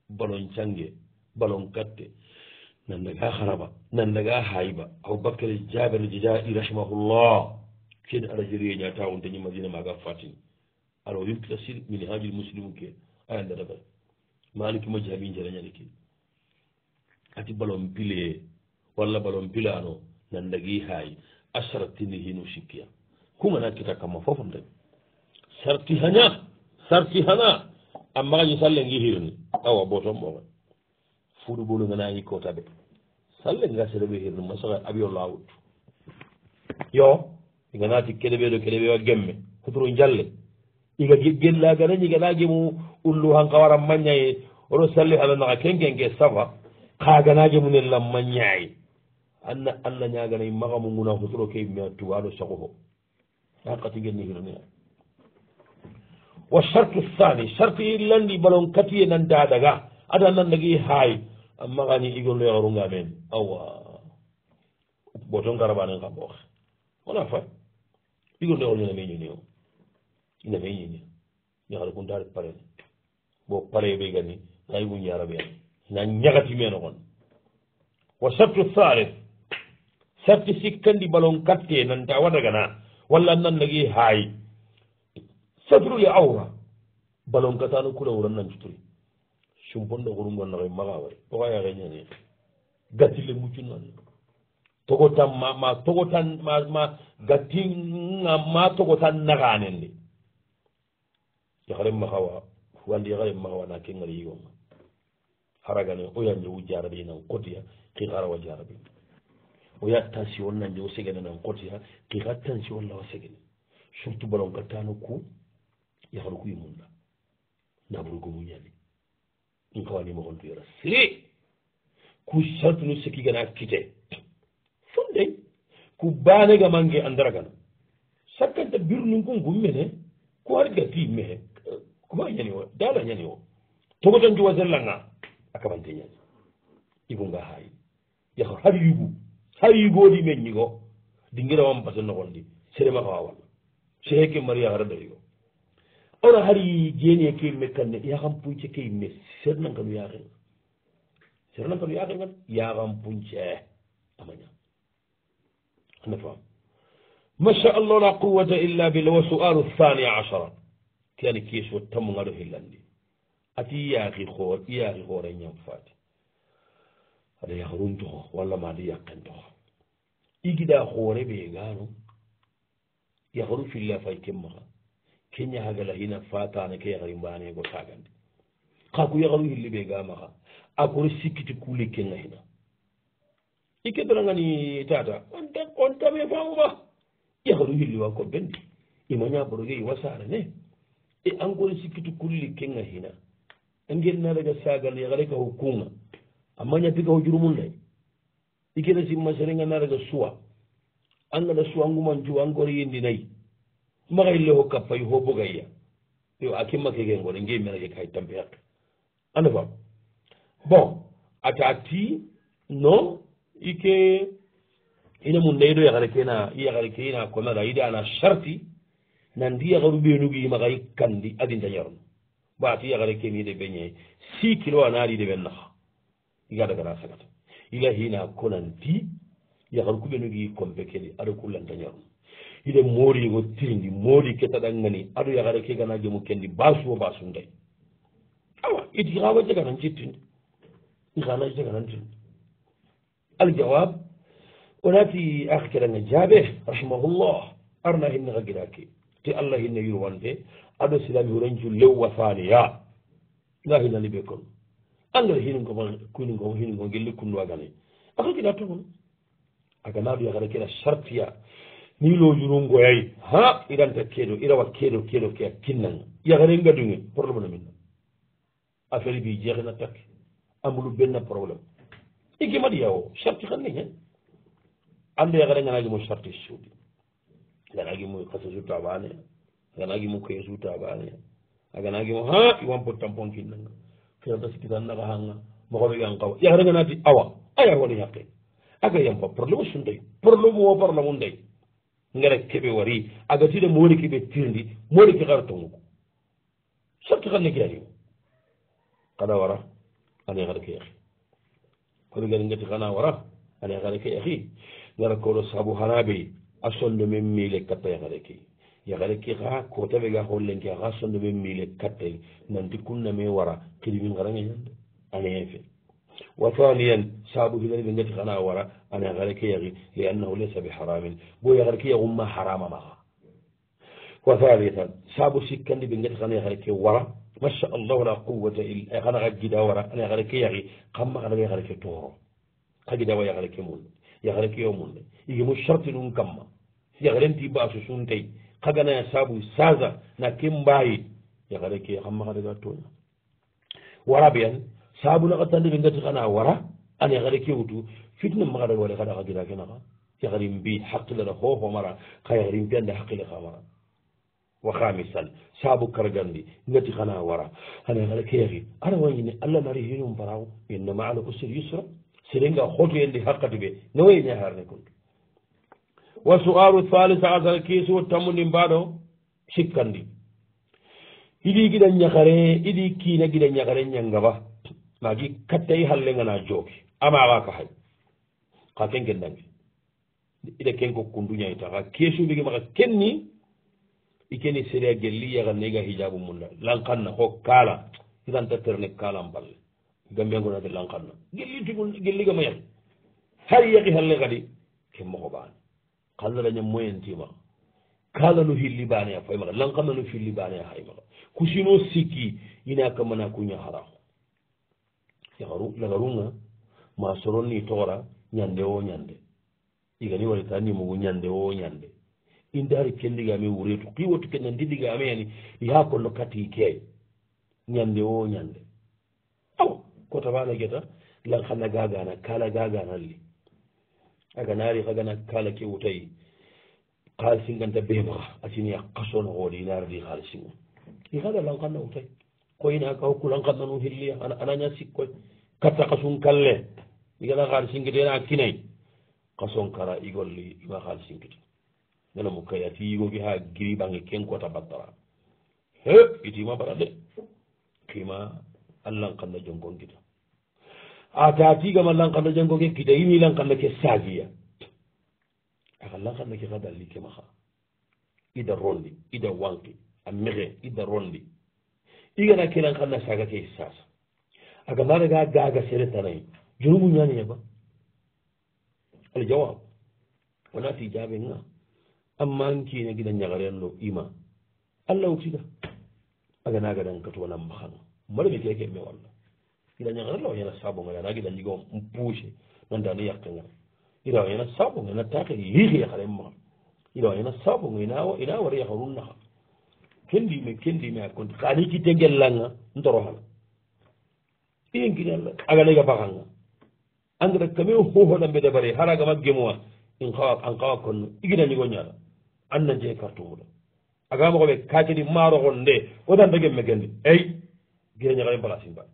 balon cange balon katte nandaga haraba nandaga hayba aboubacary jaberno jejaɗi rahimahullah ceni alajeria ñata on dañi madina maga fatini ara o yimtita sir mini hajul muslimu ke ayandadagal maniki ma jaami jalañani ke ati balon pile walla balon pilano nandagi hay asaratini hino sikkiyam kuma nattita kamma fof nde sarti haña sarti hana amma kañum salle yihirni awa bo toon ɓoga fuɗu ɓolu gana yikko taɓe salle gasereɓe hirni masaka abio lawut yo iganati keɗeɓeɗo keɗeɓe wa gemme hotoro jalle iga gellagana igaɗagemu ullu hanka wara mañaye oɗo salle ala naka kenkenke safa kaganagemu nella mañaye anna anna ñaganay maga mu guna hotoro ke mi tubaɗo sogoho hakkati genni hirnia wa charte sani charte i landi balon katiye nanta daga ada nandagi haay amagani igolle arunga men awa boton garabanen kam oxe wona fay igolle oru ina meñuni o ina meñuni ñaxar kuntaret parene bo pare ɓe gani nayigu ñarabeen na ñagati men oxon wa charte sarit charte sikkandi balon katte nanta wadagana walla nan nagi haayi satru li awra balon katano kura wuran nan cutri shumpon da gurun gon nagay maga wari to ga yare nyane gati le mucu nan togo tan ma ma togo tan ma ma gati ma togo tan naganen ni ya kare ma hawa wandi ya kare ma hawa na kengari yiwa ma haragane o yanje wujarabi nan kotiya ki garawa jarabi nan oya tension nanje o segene nan koti ha kotiya kixa tension lawa segene surtout balon balonka tano ku yimunda kuyi munna naburugo muñani in kawani moxontu yora si ku sartunu gana kite fonde ku ga banega mange andaragana sakkanta birnun kun gummene ko har me ko ba yani o dala ñani o togotanjuwa sellanga a kamante ñani ibunga hay yaxar har yugu hay goodi meññigo dingira wam basa nogondi serema fawal seheke maria haradayigo ora hari jeeni e ke imme kanne yaxam punce ke imme sernangalu yaxen sernangalu yaxengan yaxam punce amaña ana fam masha allah la quwata illa bila wa sual thani acara tiyani keso tamungaɗo hillandi ati yaaxi xoor i yaaxi xoore ñam fati aɗa yaxrun toxo walla maɗa yaqen toxo igida hoore ɓe gaano yahru filla fay kemmaha keñahagala hina fatana ke yahri mbanego sagande kaku yahru hilli ɓe gamaha akore sikkiti kule kenga hina ikedorangani tata on tame fawuma yahru hilli wa ko bendi imañaboroge iwa sara ne e ankore sikkiti kulli kenga hina angennaraga sagal yahare ka ho kuga amañatika ho jurumunday igina simma serenga narega suwa angana suwa nguman ju angor yindi nayi maga ille ho kappa yu ho bogayya yo akimma kege ngore nge menage kay tambe yak ana fam bon ata ti no ike ina mun neido ya gare kena ya gare kena ko na raidi ana sharti nan diya garu be nugi maga ikandi adin tanyarum ba ti ya gare kemi de benye 6 kilo anari de benna igada gara sagata ila hina konanti yakan kuɓe nogi kompe kedi aɗo kullantañaru ide moorigo tirindi moori ketaɗangani aɗo yakare keganajomo kendi basuo basu nday awa it ihawa jeganan cittinde ihana jeganan tirndi aljawab onati aka keɗanga jaabe rahimahullah arna hinne ka giɗake te allah hinne yurwante aɗo silami huranju lewwasaniya nga hinnani ɓe kono allah hinugo ma kunugo hinugo gelli kunduwagane ako kida togon aganaɗo yagara keɗa sartiya ni lojuru goyay ha iranta keɗo irawa keɗo keɗo kea kinnan yagare gaduge probléme na minna affaire bi jeexena takke ambulu benna probléme igimaɗi yawo sarti xanni hen ande yagare ganagi mo sarti suuɗi ganagi mo kasasu tabane aganagi mo kayesu tabane aganagi mo ha iwanpo tampon kinnanga kene ta sikkitan naka hanga mokoɓe gan kawa yakreganati awa aya woni yakke aga yampa probléme sundayi probléme wo probléme undayi ngere keɓe wari aga tiɗa mowoni keɓe tirdi mowoni ke kara tonguko sorti kanne kiyanimo kada wara ane kada ke yahi kono gani gati kana wara ane kada ke yahi ngara koɗo saabu hanaɓeyi a sondo men mile katta yakada keyi يغلكي غا كوتبي غا خولن كي غا سند بي ميلي كاتي نانتي كون مي ورا كريمين غران يان اني اف وثانيا صابو في ذلك بنتي خنا ورا انا غلكي يغي لانه ليس بحرام بو يغلكي يغما حرام ما وثالثا صابو سكن بنتي خنا يغلكي ورا ما شاء الله لا قوة إلا أنا إيه غجدا ورا أنا غرك يعي قم أنا غرك تورو غجدا ويا غرك مول يا غرك يوم مول يجي مش شرط نون كم يا غرنتي باسوسون تي xaganaya saabu sasa na kim mbaayi yakhare ke xamma xadaga toña wara ɓeyan saabu naxa tandiɓe ngati xana wara an yakhare ke wutu fitna maxadaga wale xaɗa xa gira ke naxa yakhari mbi xaqilara xoofo mara xa yakhari mbiyande xaqile xa mara wa xamisan saabu kargandi ngati xana wara an yakhare ke yaki ara wañine allah nari hinum paraxu innama ala usri usra serenga xotoyendi xaqatiɓe nawayeñaharne contu wa suaru halice asara keesuwo tammundi mbaɗo sikkandi iɗi giɗa ñakare iɗi kiina giɗa ñakare ñangaba maagi kattayi hallengana jooke amawa ka hay ka ken gendange iɗa ken ko kunduñayta ha keesuɓigi maka kenni i keni séria gelli yaganniga hijabu munda lankanna ho kala iranta terne kala mballe gambiyangonade lankanna gelli tigu gelligamayan har yaki halle kadi ke mogo ɓaani kallaraña moyen tima kala no hilli bane ya fay baneya lan lankama no filli baneya haymaxa kusino siki ina ka mana kamana kuña haram yakaru lagarunga ma soronni tora nyande o nyande igani warita tani mugu nyande o nyande indari kendi kendigame wuretu qiwotu kena ndidigameyani ya kollo kati ke nyande o nyande aw ko tabana geta lan khana gaga na kala gaga na li aganaari agana kala kewutayi kaal singanta beemaa atini a kasono xoodi inaaradi xaalisingu i xada lanxanna wutay koyinakaw kulanxannanu xilliya anaña sikkoy katta xasun kalle igana xaalisingiteena kinay xason kara igolli ima xaalisingiti nanamu kay ati yigoge xa giri bange ken kota battara he itima bara de kima a lanxanna jongongita a taatiigama lankanda jango ke kita imi lankanda ke saagiya aka lankanda ke xadalli ke maxa ida rondi ida wanki a mexe ida rondi i gana ke lankanna saaga ke sasa aga maanaga gaaga sere tanayi junubu ñaaniya ba al jawab wonati jaabe nga a mankiine gida ñagaren lo ima allah wuksida aga naaga dan katuwanan maxanga malumi keke me walla ina ñagana law yana sabongale ana gida ligo bouge non dani yakkangana ina wa yana sabonga ina taake yiixi yakale ma ina wa yana sabonga inawa ina wara yakaru naxa kendime kendime a konte kani kite ngellanga ndoroxana iyenkinal aganega baxanga engrais kame xoxona mbede bare xaragama gemowa in xawa an xawa konno igina ñigo ñaga an na jege carte muɗa agamoxoɓe kakedi maroxon nde wodan ta gemme gende ey gina ñagaren placin ba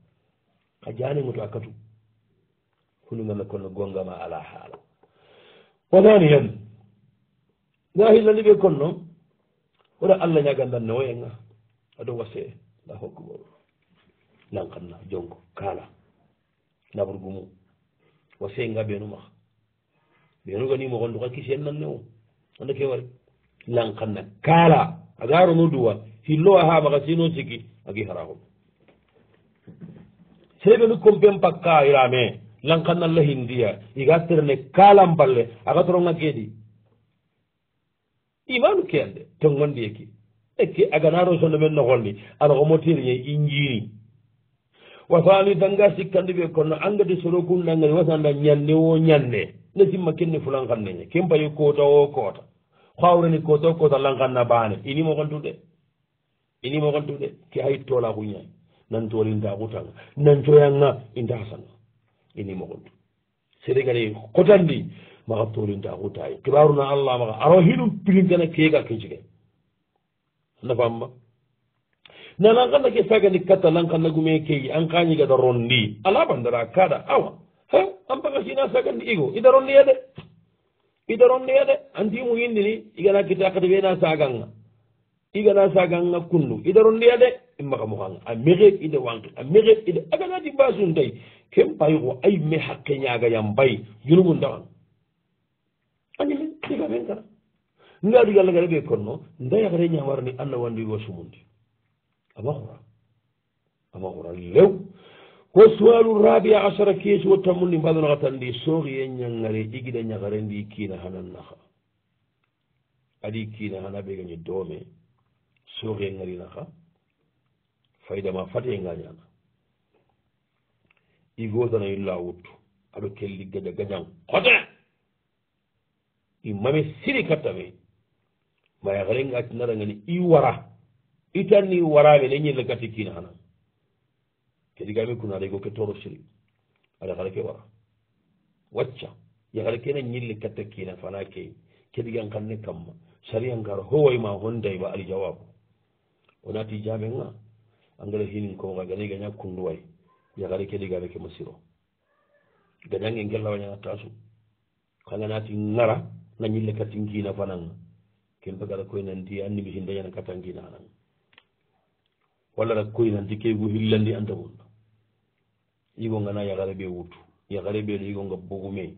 a jaanimo to akkatu hunumeme kono gongama ala haala wonaani hen na hillani ɓe kon noon hoɗo allah ñagandan nowoyenga aɗo wasse la hokkugo lanqanna jonko kaala naburgu mum wasse nga ɓeenumaa ɓeenuganimo gonduka kisi en nanne o anda kewari lanqanna kaala agaaro no duwa hillowa haa maka sino sigi agi haraxum seɓenu kompen pakka irame lankanalla hindiya iga terne kalan balle aga toronga geɗi imanu ke ande tongondi eki eke agana rosono men nogolni anogomotirie i jiri wasani tanga sikkandi ɓe kono angadi soro gunɗangadi wasanda ñande wo ñande ne simma kenni fulankanneñe ken payi kota o kota hawreni kota o kota lankanna bane inimogontude inimogontude ke hay tola kuñayi nantori nda kutanga nancoyanga inda hasan ini mogondu sede gani kotandi maga tori nda gutai kibaruna allah maga aro hinum gana kega na nafamba kan da ke ni kata nan na gume yi an kañiga da rondi ala bandara kada awa he an paga sina sagandi igo ida rondi yede ida rondi mu antimu ni igana kita kata wena saganga i gana saganga kundu i daro ndiya de i maga muxanga a mexeeb i de wanki a mexeeb i de a ganati basun tay kem payxo ay me xaqe ñaaga yam bay junubu ndaxan anime jega men kara nda diga lagare ɓe konno ndayax re ñawar ni anna wandigo sumundi ama xura ama xura lew ko suwalu rabi a sara kees wo tammundi mbadonaxatandi sooxiye ñangare i gida ñaxarendi kiina xana naxa adi kiina xana ɓegañi doome sooke ngarinaka fayda ma fati e ngañaka igodana yilla wuttu aɗo kelli gaja gajan kote imame siri kattame mayakarenga accinarangani i wara itanni warame ne ñirle gatti kiina hana kedi gami kunaɗa go ke toro siri aɗa kara ke wara wacca yakara kene ñirle katta kiina fana ke kedigan kanne kamma sariyankara howayma hondayba alijawabu o naati jameŋa angara hinin koŋa gara gaña kunduway yahare kedigaɓe ke masiro gañange gella wañana tasu kanga naati ŋara nañille kati ngiina fananga kem be gara koynandi annimi hin dañana kata ngiina ananga walla ra koynandi ke gu hillandi andamunna yigo ngana yahare ɓe wutu yahare ɓe no yigonga bogume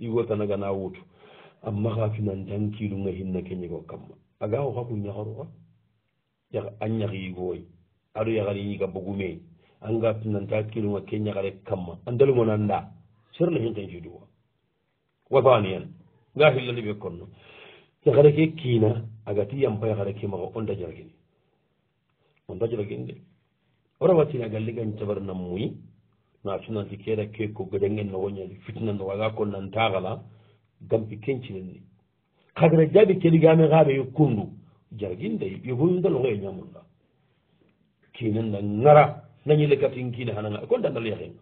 yigo tana gana wutu amma ha finan dankiluga hinna keñigo kamma aga o ha ku ñaharoa yak añak yigooy aɗo yakari yiga bogumeeñ angatinanta kilunga ke ñakare kamma andaluma nanda serla hinken fiduwa wafaniyan nga hillani ɓe konno yakare ke kiina agati yampa yakare ke maga on dajaragini on dajaragini de orawatina galle gan cabarna muy na sunanti keeda ke ko gadangen no woñadi fitina no waga ko nantagala gampi kencinen ni kagara jaɓi keligame gaɓe yo kundu jarginde yiɓe hundalongo e ñamulla kinanna ngara nañi lekatin kiine hanaga e konda ndal yahen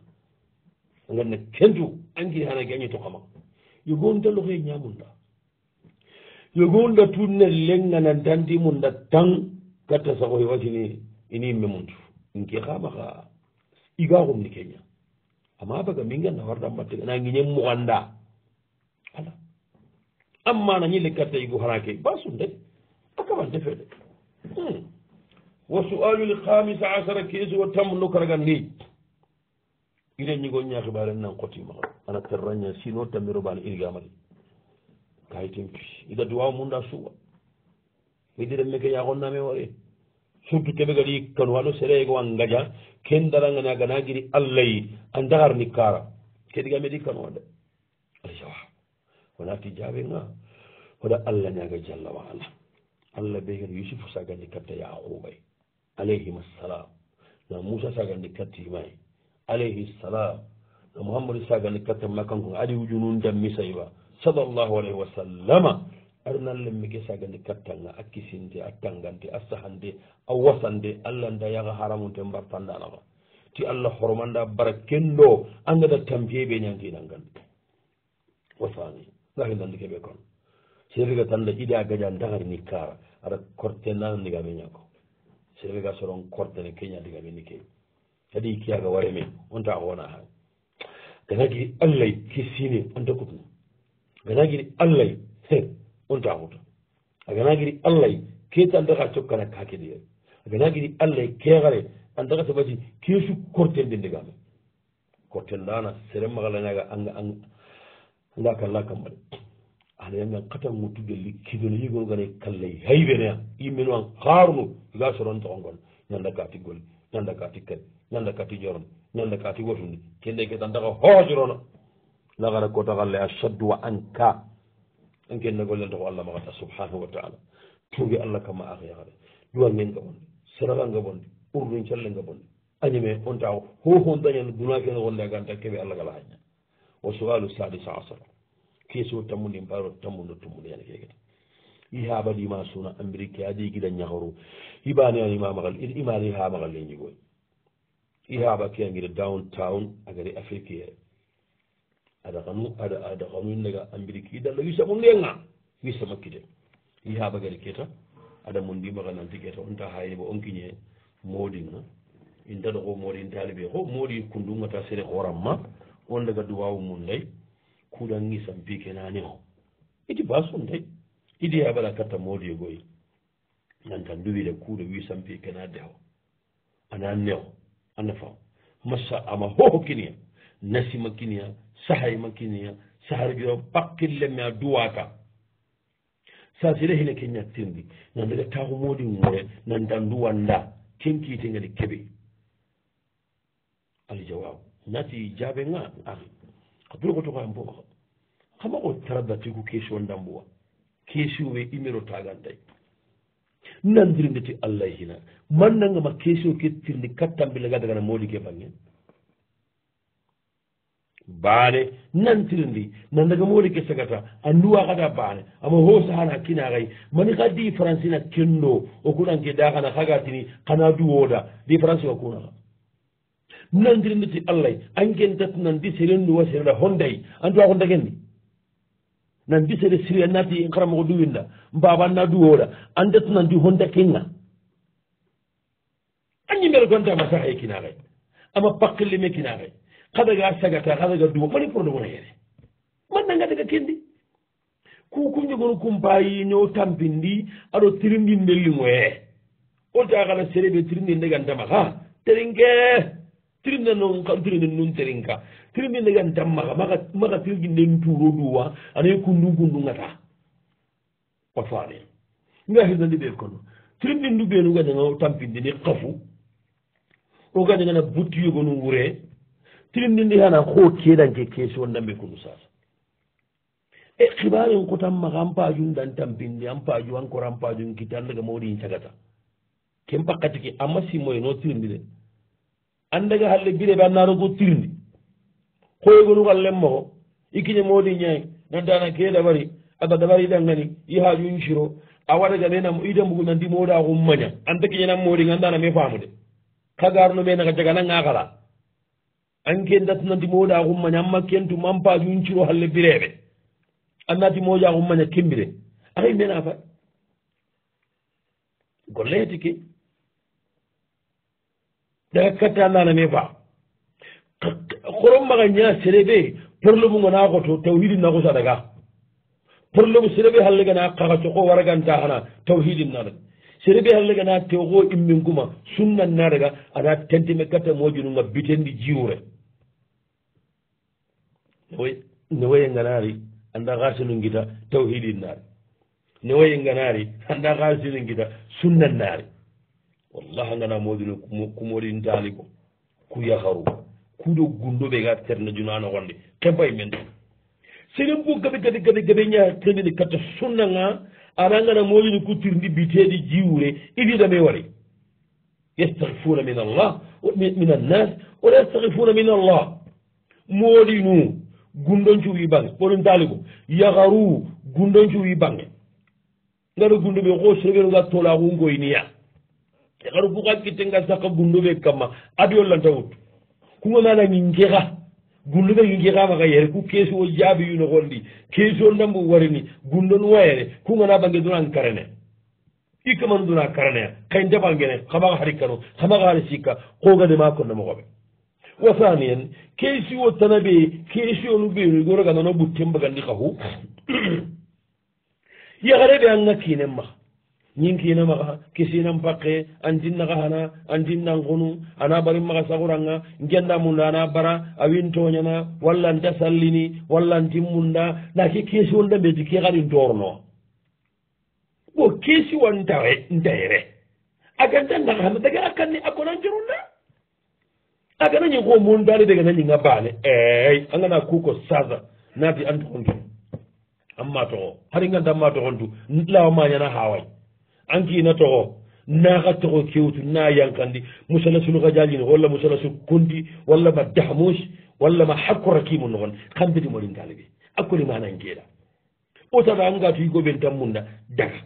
ganna kentu ankine hanage añi tokama yo gondalogo e ñamulla yo gonda tunne lengana dandimunda tan gatta sago he watini ini yimme mundu inke kamaka igaxum ni keña ama baga mingana wardambatte ana ngiñen muganda ala amma nañi lekkatta yigu hanake basu nde defede hmm. wa sualu l hamise asara kesi wa tambo ndokaragan ngeyi ire ñigoñ ñaki baren nan kotimaa ana terraña sino tambiro bane irgamadi kayitim pi ida duwaw munda suwa idiren meke yaxonnamen wa e surtout keɓe gadi kanu ano sereyego wa ngaia ken darangani a gana giri allayi a ndaxarni kara ke diga medi kanuwa de ayawa wonati jaɓe nga hoda allah ñaga jallawa allah allah be kadi yusufu sagandi katta yaqubay alayhima salam na moussa sagandi katta himay alayhi salam na mouhammadou sagandi katta ma kanko adi ujunun dammisayiwa sala llahu alayhi wa sallama arnalle mige sagandi kattanga akkisinde attangande a sahande a wasande allah nda yaha haramunte mbartandanama ti allah hormanda bara kendo angada tampiye ɓe ñantinangandi wasani ngahi dandikeɓe kono serriga tan nda ƴiɗi a gaƴa dahar ni kara aɗa corte nana ndiga meña ko serriga soron corte ne keña ndiga meni kewi kadi kiyaga ware men onta wona ha ganagiɗi allahy kesine on dakutno ganagiɗi allahy onta huta a ganagiɗi allahy keta ndaga cokkana kakeɗeyere a ganagiɗi allahy kegare andaga sabati kesu corte nde ndiga men corte dana sere magalanaga anga anga nga kalla kambaɗe aɗa yanga katan wuttude likkidono yigol gona kalla haywene a yimmeno an haarno ga soronto on gon ñanda kati golli ñanda kati kadi ñanda kati jorono ñanda kati watunde kelle ketan taka hoojorono lagara kotakalla e asaddu wa an ka ankenna gollen toko allah makata subhanahu wa taala tuuge allah kamma akyakade duwangen ga bonde sadaka nga bonde urdun calle nga bonde añime on taw hoho dañan dunakenga gonde e ganta keɓe allah gala haña wa sualu sadis asara keesoo tammude mbaaro tammude tummude yana keekati i haaɓaɗo ima suuna ambirike adi giɗa ñahoru hiɓaniyan imamagal imani haamagal le jigoy i haaɓa ke a giɗa down town agari afrique aɗa xanu aɗa aɗa xanu naga ambirike i dalla wisa mundenga wisa makkite i haaɓa gari keeta aɗa mundi maxa nanti keeta onta hayeɓo on kiñe moodinga in taɗoxo moodi in taalibe xo moodi kundungata sere xooram ma on daga duwawu mun ndey kuuɗan gisan bike nane o idi basun dey idi yabala katta modi e goyi nan tan duwide kuuɗo wisan bike na de o ana neo ana fam masa ama hoho kiniya nasima kiniya sahayma kiniya saharbiro pakkille me a duwaka sa sire hine ke ñattirdi nan daga taako modi ngure nan tan duwanda kenkiitengadi keɓe alijawabu nati jaabe nga ari a ɓuri ko tokoyam boo kama o taraddatigu keesio ndambuwa keesio wee imero taganday nandirinde ti allah e hina mannangama keesio kettirndi kattambillaga dagana moolike bangen baane nantirindi nandaga moolike sagata a nduwaxata baane ama hoosahana kinaxay mani xa difrancina kenno o kunanke daxana xagatini xana duwooda difrance wa kunaxa nandirinde ti allah e, anken tatinandi serennuwa serenda honday antuwa xondagenni nan bisede sirie nati karamogo duwinda mbabanna duwoɗa andetunandi honde kinga añimbere gonta ma saha e kinaxe ama pakkilleme kinaxe kadaga sagata kadaga duwo mani problème yene mannanga daga kendi kuku jogonu kumpayino tampindi aɗo tirindi ndelligoye olta kala sereɓe tirindi ndegantamaha terinke tirinde noon kantirinde nun terin ka tirinde gantan maga maga maga tirginde turo duwa anayi kundu kundugata ko faane nga hirnandi ɓe kono tirinde ndu ɓenu gadanga tampinde ni kafu o gadangana buttiyogo nu wure tirinde ndi hana ho kedanke keesi wondambe kunu sasa e xibaren kotan maga an paju dan tampinde an paju encore an paju nkita andaga mawɗin cagata ken pakkatiki amma simoye no tirindi de anndage halle bire ɓe annaarogo tirndi hoygonugal lemmoo ikkiñe moodi ñay noddana keedabari aba dabari ɗangani yaha yuciro a waɗaganena idambugna ndi mooɗa kom maña anta kiñenan moodi ganndana me faamude ka garno ɓe naga jaganangakala anken dattuna ndi mooɗa kom maña amma kentu manpa yunciro halle bireɓe annati mooja kom maña kembire ahay mena fa golleyetike daga katta allahna me fa horom maga ña sereɓe probléme ngo na xoto tawhidin nago sadaga probléme sereɓe hallegana kaxa coko waraganta xana tawhidin nadaga sereɓe hallegana tewxo imminguma sunnan nadaga ada tentime katta mojununga bitendi jiwure ne wayenganari anda xarsinu ngita tawhidin nari ne wayenganari anda xarsinu ngita sunnan nari wallahi ngana moƴuno kumorin daali ko ku yakaru kuɗo gunɗoɓe ga terne junanogonde keɓay e men seɗen bo gaɓe gaɓe gaɓe gaɓe ñaa tenɗene katta sunnaga ara ngana moƴuno kuttirndi biteɗi jiwure iɗiɗame ware yestahifuna min allah min annas wala yestahifuna min allah moɗinu gundoncu wi bange ɓoɗon daali ko yakaru gundoncu wi bange ngaɗo gundoɓe ko seɓenoga tolagungoyniya kekar buka kite nga saka gunduve kama adio lanta wutu kuma mana ngingeha gunduve ngingeha maka yere ku kesi wo jabi yuno kondi kesi wo nambu warini gundu nwa yere kuma naba nge duna nkarene ika manu duna karene kain tepa ngene khamaka harikano khamaka harisika koga de mako na mokobe wa thaniyan kesi wo tanabe kesi wo nubi yuno yigoro gana no butimba gandika hu yagarebe anga kine maka ñinkiinamaxa kisinan pakke an dinnaxa xana an dinnan xunu ana barin maxa saxuranga njenda munda ana bara awintoñana walla nta sallini walla ntin munda naki kiisi wonda mbeti ke xarin toornowa bo kiisi wantawe ntayere aganta naxa xana daga a kanni a kona njorunda a gana ñin xo mundale daga na ñinga baane ey a ngana kuko sasa naati an toxontu an ma toxo xari nganta ma toxontu lawa mañana xaway ankiinatoxo naaxa toxo kewtu na yankandi musalasul xajaliin walla musalasul kundi walla ma dahmus walla ma xakkora kiimu noxon xam bedi moringalibe a koli manangeeɗa o taba angatu igoɓe ntan munda daga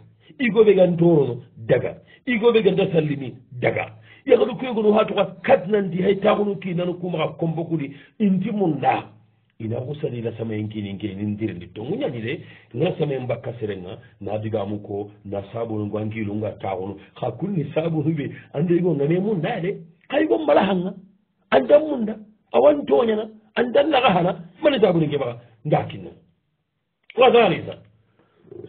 igoɓe gan torono daga igoɓe ganta sallini daga yaxaɗu koyegono ha tuxa kat nandi hay taxunu kinano kumaxa kombokudi inti munda ina husani lasama en kini geenindirndi tongu ñañide lasama en mbakka serenga naadigamu ko na sabunu ngo angilu nga taxunu xa kunni sabunu ɓe andigo ngane munda ade hay go mbala hanga andan munda awan toñana andan laxa hana mane sabunu ke baxa ndakinna wasanisa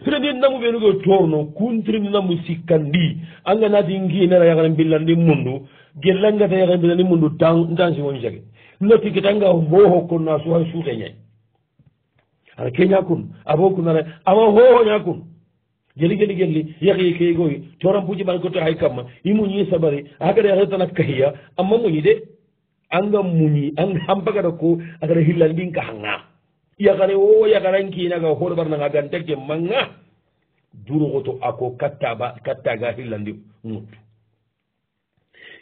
sredinnamu ɓenuge torno kuntirndinamu sikkandi anga naati ngiinara yaxanan mbillandi mundu gellangata yaxan mbillandi mundu tan tan sigoñu cage no tigi tanga hoho kunna suwa suute ñay ara ke ñakun abo kunnare awa hoho ñakun geli geli gelli yaki keygoy coram puji ɓal goto hay kamma imu ñi sabari akada yaki tana kahiya amma muñi de anga muñi an hampagada ko agada hillal ndin ka hanga yakare o yakaran kinaga hoɗo ɓar naga gantake manga durgoto ako kattaba kattaga hillandi muttu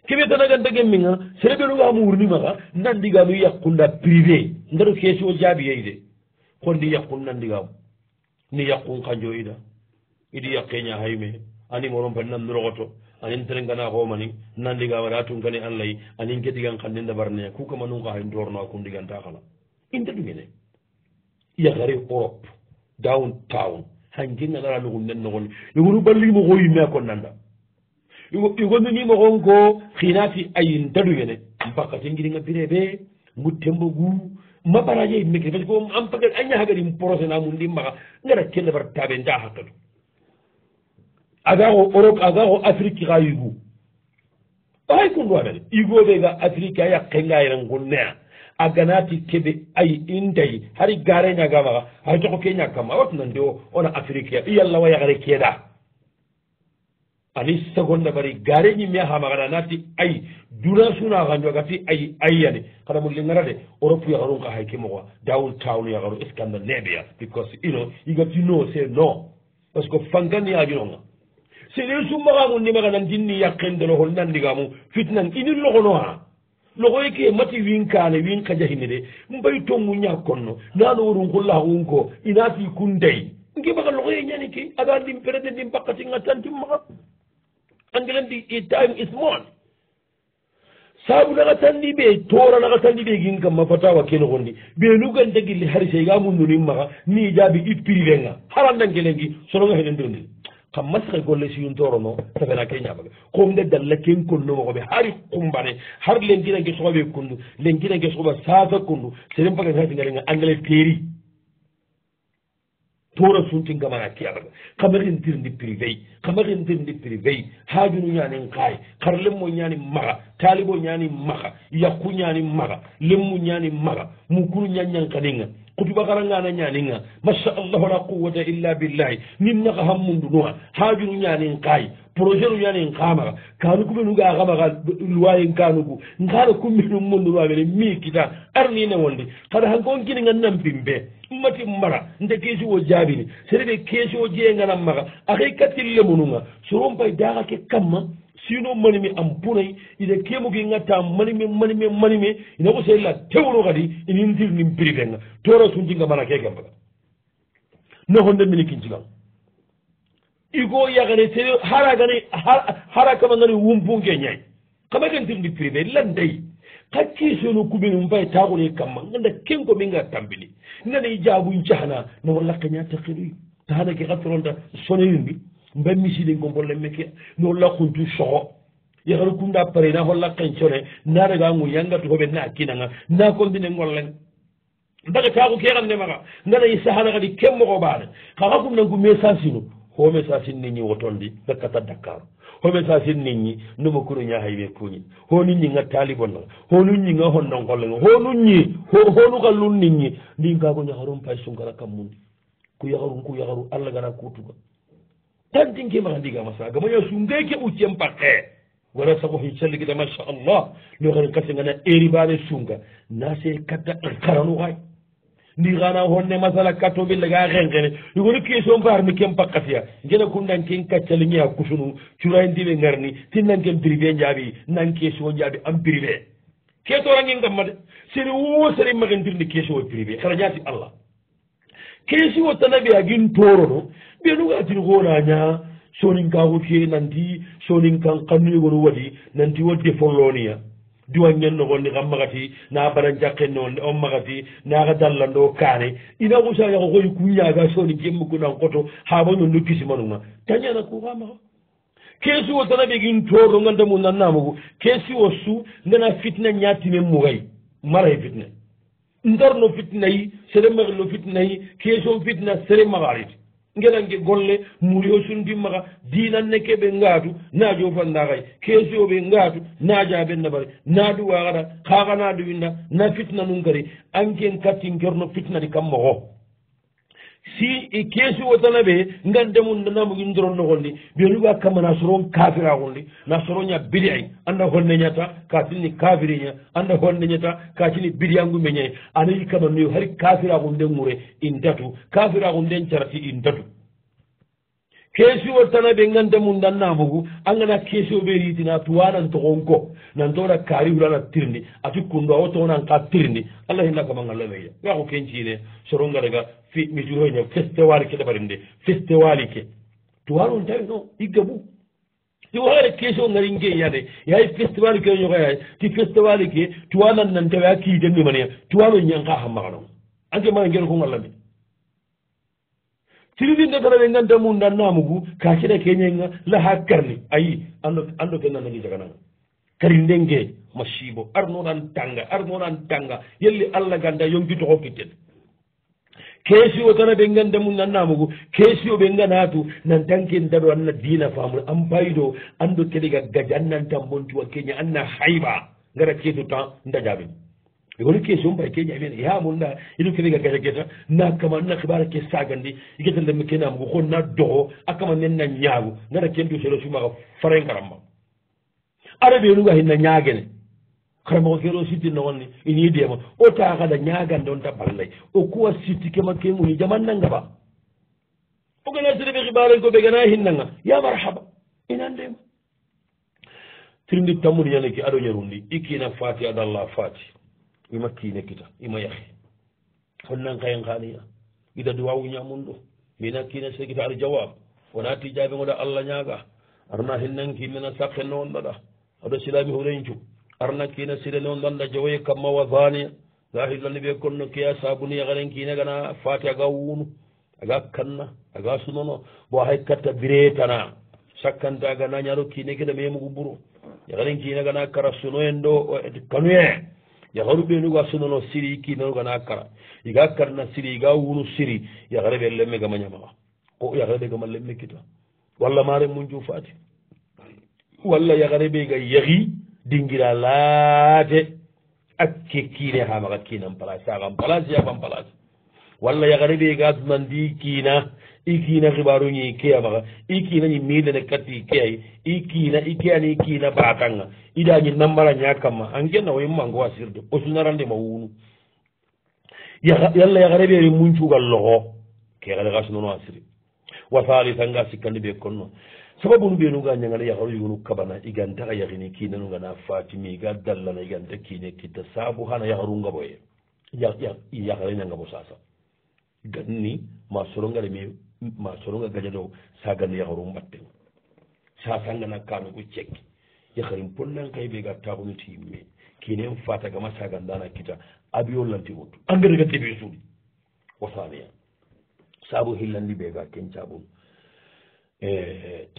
keɓe tanagan dagemmenga seeɓenuga mu wurnimaga nandigamu yakkunda privé ndaru keesi o jaabiyeyde kondi yakkun nandigamu ni yakkun kanjo ida idi yakkeña hayme ani moron pan nan nurogoto anin terenganaxomani nandigama da tunkani allahy anin kedigan kanni ndabarneya ku kama nunka hay ndorno a kundiganta xala inta dungene yagari europe down town hanke ngadara lugunden nogoni yogunu ballimoxo yimme a konnanda igonnunimo on go hinati ayi daɗumene mbakka jangguiɗinga bireɓe guttembo gu mabaraje mekri par ce que an pa a ñaha gadi projet na mum ɗi maha gara kellebar taɓe da hakka ɗu agaxo europe agaxo afrique xa yugu oxay kundu amene igoɓe ga afrique a yaqengayiran gonnea a ganati keɓe ay in day hari gare ñagamaxa xa coxo ke ñag kamma a watunande o ona afrique yalla wa yaxre keeda ani seconde bari gareñimme hamakata nati ayi duna suna ganjogati ayi ayiyani kada mu lingarade europe yaharun ka hay kimoxa dawul tawlu yaharu est ce que anda nebeya because ino yigati no se no parce que fankani yajunonga sere sumaxangu nimaxa nandinni yakkendelo hol nandigamu fitnan ini loxono ha loxoy ke mati winkane win kajahini de mbay tongu ña konno nano worun xullaxun ko inati kundayi ngimaxa loxoye ñani ke aga ndim prede ndim pakkatinga tantim maxa andirandi i taim i small saabu naga tandi ɓe tora naga tandi ɓe gin kamma fatawa keno gondi ɓe luganta gilli hari seyga mundunin maga ni jaabi i privenga harandankelengi sonoga heɗendirndi kamma sahe golle siyuntorono safena ke ñamage komde dalla ken konnomogoɓe hari kumbane har lenginangue sogoɓe kundu lenginangue sogoɓe saka kundu seren fagen hasingarenga angla péri toora suntingamana kiyalaga kama rentirndi privey kama rentirndi privey haajunu ñaanin kaay kar lemmo ñaani maxa taalibo ñaani maxa yakku ñaani maxa lemmu ñaani maxa mukuru ñaññankaninga kutuba xarangana ñaninga masha allahu la quwata illa billahi nin naxa hammundunuwa haajunu ñaanin kaay projet nu ñani nkamaxa kanu kuɓe nuga xamaxa luwayen kanuku nkaɗa kumminu munɗuma mene mi kita arnine wonde kada hankon kini ngan nan pimpe mati mbara nte keesi wo jaabini sereɓe keesi wo jeyenganan maxa axay katille munuga soron pay daxake kamma sino manime an punay ine kemuki gatta manime manime manime ina ko sella tewro kadi ininsirnin priven ga toora sunjinga mana keke mbaga nohonde mini kincigan igo yagani sere haragani hara kamagani wumbunge ñay kamagantinɗi privé landay ka kiisonu kubini mbay taxune kamma ganda kengo minga tambini nani jabun cahana no walla keña takiruy taxana ke xa toronta soneyumbi mba misidingo mbolle meke no walla xuntu soxo yaxaru kunda pare na holla qen cone naraga ŋuyangatuhoɓe na kinanga na kondinengolleng ndaga taxu ke xan nemaxa ngana i saxanaxadi ke moxo ɓaane xaxa kumnangu mesansinu homi sa sin nit ñi wotondi bekkata dakar homi sa sin nit ñi numa kuro ñahay ɓe kuñi ho nit ñi nga talibo nga ho nit ñi nga honnonkolle nga ho nun ñi ho nukallun nit ñi ndin kaako yaharum pay sunkara kam mundi ku yaharum ku yaharu allah gara kutuga tantinke maxa ndigama saga maño sunge ke ɓuccem pake wara sago hi calligida macha allah ni xarin kasengana eri baɓe sunga na se katta an karanu xaye ndi xana honne masala katobille ga xenxene yogoni question mbarmi ken pakkatiya ngena ku nanken kaccali ñea kusunu curayi ndiɓe ngarni ti nanken privé njaaɓi nan question njaaɓi en privé ke torangen gamma de seri wo seri maxentirndi question o privé xara ñaati allah question o tanaɓe agin torono ɓenugatin xonaña sonin kaxu ke nanti sonin kan xannu yogonu waɗi nanti wo defolloniya diwan ñannogonni xa magati na bara jakkenoonni on magati naaxa dallando kaane ina xusayaxo xoyi ku ñaaga sooni jemmugunan xoto xaaɓañonno kisimanunga tañana kuxa maxa ke siwo tana ɓegin tooronga ndamu nannamugu ke siwo su ngana fitna ñaatime mugay maraye fitna ndarno fitnayi sere maxino fitnayi ke soo fitna sere maxaliti geɗange golle muriyo sundi maxa dinanne keɓe ngaatu naajo fandaxay keesioɓe ngaatu naaja ɓenna bare naaduwaxara xaxa naaduwinna na fitna nun gari anken kattin kerno fitnani kam moxo si keesiwo tana ɓe ngandemum nanamogi ndoron nogondi ɓeni wa kamma nasoron kafiragondi nasoroña biliay anda honne ñata katini kafiriña anda honne ñata katini biliyangu meñay anayi kamma noyo hay kafiragunden ŋure in datu kafiragunden carati in datu keesiwo tana ɓe ngante mum dan na fogu a gana keesiwo ɓe riitina tuwanantoxonko nantoora kaari hurana tirindi ati kundu awo toxonan ka tirindi allah hinna kama ngalla meya ga ko kenciine sorongadaga fi misuroñe festewali ke ɗeɓarinde festewali ke tuwanon tawi no iggabu ti waxare keesiwo ngarin ke yade yaay festewali ke ñoxoya ti festewali ke tuwanan nan tawe a kiidenɗimaneya tuwano ñanga xa maxanong anke maga ngeno ko ngallame tiriɗinde tara ɓe ngannda mum nannamu gu kakiɗa keñenga la ha karni ayi anɗo anɗo ke nannagui jaganaga kari ndenge masibo arnoɗan tanga arnoɗan tanga yelli allah ganda yonki toko kitten keesio tana ɓe ngannda mum nannamu gu keesio ɓe nganatu nan tanken daɗo anna dina famul an payido anɗo keɗega gaja annan tan bontuwa keña anna hayɓa gara keetu temps dajaɓen egoni question mbay keña amen yamol na inu kenega gaja geta na kama na xibara ke sagandi i geta leme kenamugu xon na doxo a kama nen na ñaagu ngara ken du selo sumaxa fare ngaramma arabenuga hinna ñaagene xaramaxo ke ro sitti noxonni ini deema o taxada ñaagande on ta ballay o kuwa sitti kema ke muñi jamannangaba o gana sereɓe xibaren ko ɓegana hinnanga ya marhaba inandema tirindi tammuniñaneki aɗo ñarundi i kina fati aɗallah fati ima kiine kita ima yahe honnan kayen haaliya ida duwa wuñamum ɗo mina kiine sekita ar jawab wona tijaɓe goɗa allah ñaaga arna hennanki mena sakke noonɗaɗa aɗo silami hurencu arna kiine sire noon danda jowoye kamma wa baniya gahillani ɓe konno kiya sabuniya garen kiine gana faati aga wuunu aga kanna aga sunono bo hay katta biretana sakkantagana ñaɗo kiine kita memugu buro yagaren kiine gana kara sunoen ɗo e kanuye yahoru ɓenugo a sumano siri i kinanugana kara iga karna siri iga wunu siri yahreɓe lemme gama ñamawa ko yahreɓe gama lemme kita walla mare mun jufaati walla yahreɓe ga yahi dingira laate akke kiine ha maga kiinan place agan place yagan place walla yahreɓe ga dunandi kiina i kiina xibaruñi i kea maxa i kiina ñi milene kati i keay i kiina i keani i kiina baatanga i dañi nambala ña kamma angena wo mango wa sirde o sunarande ma wunu yalla yaxare ɓeeri muncugal loxo kexale xa sunono a siri wa salisanga sikkandi ɓee konno sababunu ɓeenuga ñangale yaxaro yugunu kabana i ganta xa yaxini kiinanunga na fatimi ga dallana i ganta kiine kitta saabu xana yaxarungaɓoye yaxarenangabo sasa ganni ma sorongare me ma soroga gaja ɗo sagani yahoru mbatte sa sangana kano ko cekki yahorin ponnan kay ɓe gattakomiti yimme kinen fatagama sagan dana kita abio lanti wottu engrais gadde ɓe suuɗi o famiya sabu hillandi ɓe ga kencaɓum ɗu e,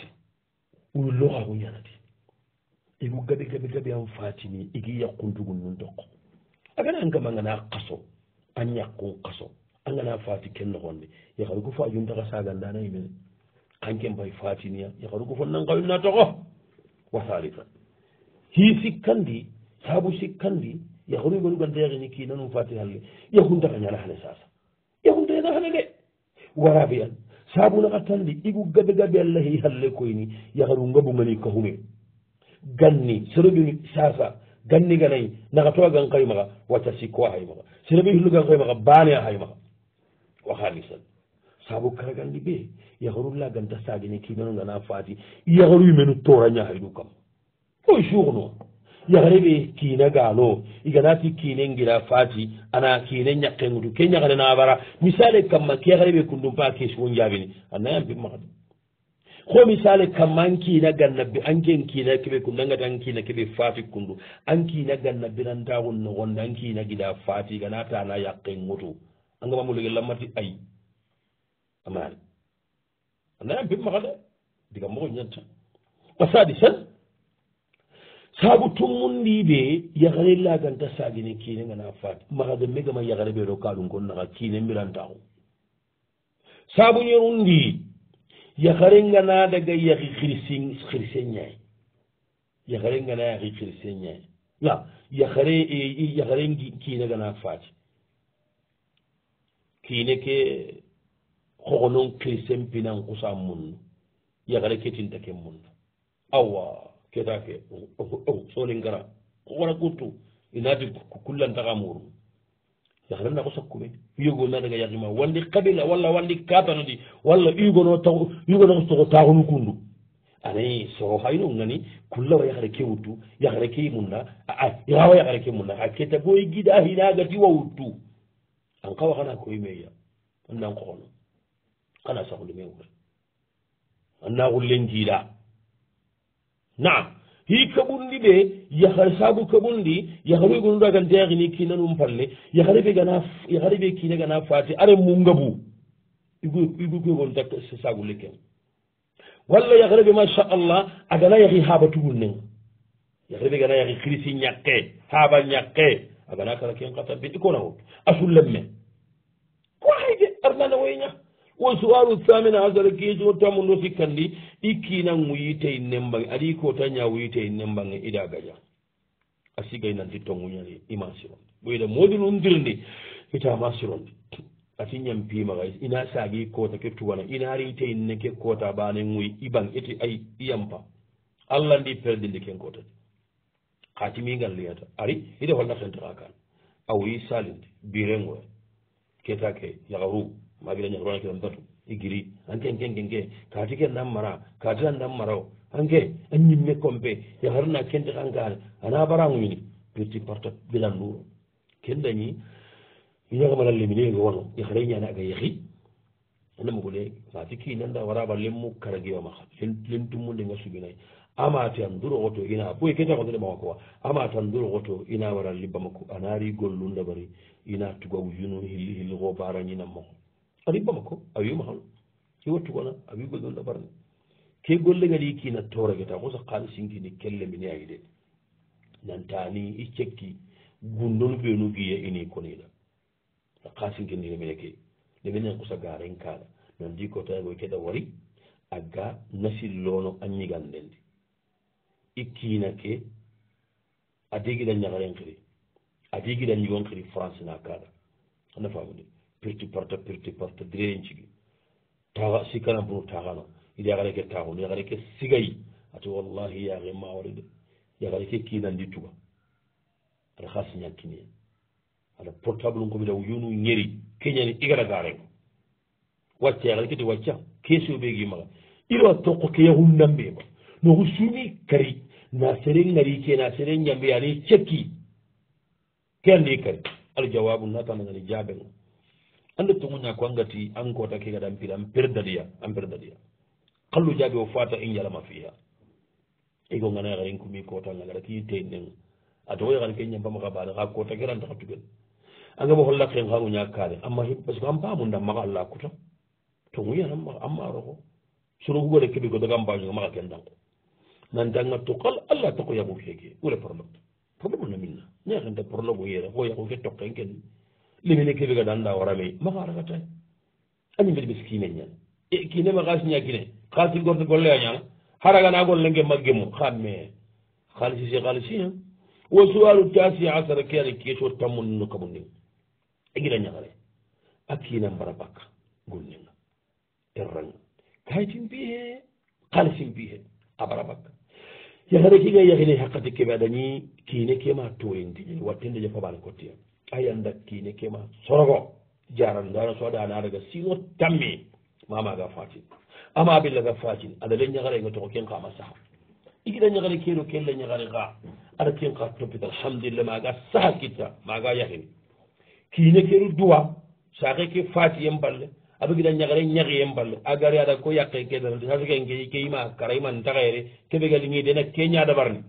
loha ko ñanati igu gaɓi gaɓi gaɓi an fatini igi yakkuntugu nun tokko agana an gamagana kaso an yakkun kaso angana faati ken nogonde yahar gofo a yuntaxa sagandanaimene kanken bay fatiniya yahar gofo nangayunna toxo wa halisan hi sikkandi saabu sikkandi yahru gonugandeyaxini kina num fati halle yahuntaxa ñanaxane sasa yahuntaxanaxane de warabeyan saabu naxa tandi igu gabe gabe a lahi halle koyni yahru ngabungani kaxume ganni serebini sasa ganni ganayi naxa towa gan xaymaxa wacca sikko a xaymaxa serebe xillugan xaymaxa baane a xaymaxa o haalis tan saabu karaganndi ɓee yahoru laganta saagini tinano ngana faati yahoru yumenu toraña haydu kam fo jour no yahare ɓe kiina gaalo iganati kiine ngira faati ana kiine ñakkengudu ke ñakanena abara misale kamma ke yahare ɓe kundum pa kesuo njaabini annayan pimmahadu ko misale kamma an kiina gannabbe anke n kiina keɓe kundu angati an kiina keɓe faati kundu an kiina gannabbe nantagun nogonde an kiina giɗa faati iganatana yakkengutu anga mamu lege lamati ay amaari anaya bim maxa de diga moxo ñanta masadi sen saagu tummundi ɓe yaxare laganta saagine kiine ngana faat maxa de megama yaxare ɓe to kaalum kon naxa kiine mbirantaxu saabu ñerundi yaxare ngana daga yaxi xirsi xirsen ñaay yaxare ngana yaxi xirsen ñaay wa yaxare e, e, yaxare kiine ngana faati kiine ke xoxonon christien pinan kusa munnu yagara ketinta ke munnu awa keta ke oh, soolin gara xoxona kuttu inaati kullantaxa muru yagara naxo sakkume yogona daga yaxima walli kabila walla walli katanodi walla ugono ugonao soxo taxunu kundu anay soxo hayno ngani kullawa yaxara ke wuttu yaxara ke munna a yawa yaxara ke munna a keta boy gida hinagati wa wuttu an kawa kana ko yimeya annan kono kana sahulu men wuri anna wullen jiiɗa naam hi kaɓundi ɓe yahar sabu kaɓundi yahare gonduɗa gan deyaini kina num palle yahareɓe gana yahareɓe kina gana faati aren mu ngabu igugonta sagulle ken walla yahareɓe macha allah agana yahi haaba tugul nen yahareɓe gana yahi kirisi ñakke haaba ñakke agana kala ken kata be ikonawo asullen men arnana woyña wo suwaru samine asara kiisuo tammu no sikkandi ɗi kiinan wuyitey nembange aɗi ko tanña wuyitey nembange ida gaña a sigay nanti to guñani ima sironde ɓoyda moodi nundirndi itama sironde ati ñam piimaxay ina saagi koota ke tuwana ina riitey neke koota bane guy iban iti ay iyampa allah ndi perdindi ken kootati xaatimi ngal liyata ari ide holna xentaxa kan a wuyi salinde birengoya ketake yakaru magila ñakrona kiran batu igiri anke nke nke nke kati ke ndam mara kati a ndam marao anke a ñimme compe yakarna kente kankan ana baranguñini pirti parta bilan nduro ken dañi ñakamala leminege wono yakara ñane aga yahi anamagule kati ki nanda waraba lemmu karagiwa maha len tummunde nga suginayi amatan duro goto ina poye ketakotode ɓawa kowa amatan duro goto ina wara libba makko anari gollundabari yina tugaw yuno hilli hilli ko barañinam mo a ribama ko a wima hano ke wattu kona a wigol ɗon labarne ke gollegadi kina toragueta kosa kali sinkini kelle mine ayide nantani i cekki gundon ɓenu guiya e ini konina ka sinkindine mine ke ɗeɓene kosa garen kala non di ko tawgo keɗa wari a ga nasillono añigandendi i kina ke a degiɗa ñagaren kiri adi giɗan yiwon kadi france na kaɗa ana famude pirti parta pirti parta direnen cigi taa sikkanan bunu taxano iɗa yaxare ke taxunu yaxare ke sigayi ati wallahi yaxe maore de yaxare ke kinandi tuga aɗa xa siña kinie aɗa portable ngomida yunu ñeri keñani igara garego wacca yaxare kete wacca kesio ɓegi maxa iro a toqo ke yahun nambema noxu suni kari na sere ngari ke na sere ñambe ani cekki kendi kadi al jawabu natanagani jaabego ande tuguña ko angati an kota ke gada ampiri an perdadiya an perdadiya kallu jaabi o fata in jalama fiya eko gana xa in kumi kotanga gara kii teyndeng atoxoye xan ke ñampama xa baane xa kota kerantaxa tugen angabo holla ken xaguña kaane ama parce que an paamunda maxa alla kuta tuguyanama an maroxo sunokugode keɓi ko daga mbañonga maxa kendanko nanti anga tukal alla taqoyamu feeke wure problème probléme na milla ñeexente probléme o yeera hooya ko ke toqen ken limine keɓe ga danda warame maxa rakatay añimbeɗ ɓes kiimen ñan e kiinema xaalisiña kine xaalisi gorde golle a ñana xara gana gollenge magge mu xaad me xaalisisi xaalisi ha wo suwalu tasi asara ke ane keeto tammunino kamu ndin e gina ñaxare a kiina mbara bakka gollenga erranga kayitin mbi'e xaalisi mbi'e a bara bakka yahre kiɓe yahine haqqa tikke ɓe adañi kiine kema toyintiñin wattinde je fobal kotti en ayanda kiine kema sorogo jaran ngara sooda anaaraga sino tammi mamaga fatin ama billaga fatin aɗa le ñagare nga toko ken kama saha igiɗa ñagare keno kelle ñagare ka aɗa ken ka toppit alhamdulillah maga saha kitta maga yahin kiine kenu duwa saake ke fati en balle a begida ñagare ñagiyen balle a gari ada ko yakke kedanati hasikenke ke ima karayima ntaxayere kebega lingi dena ke ñadabarni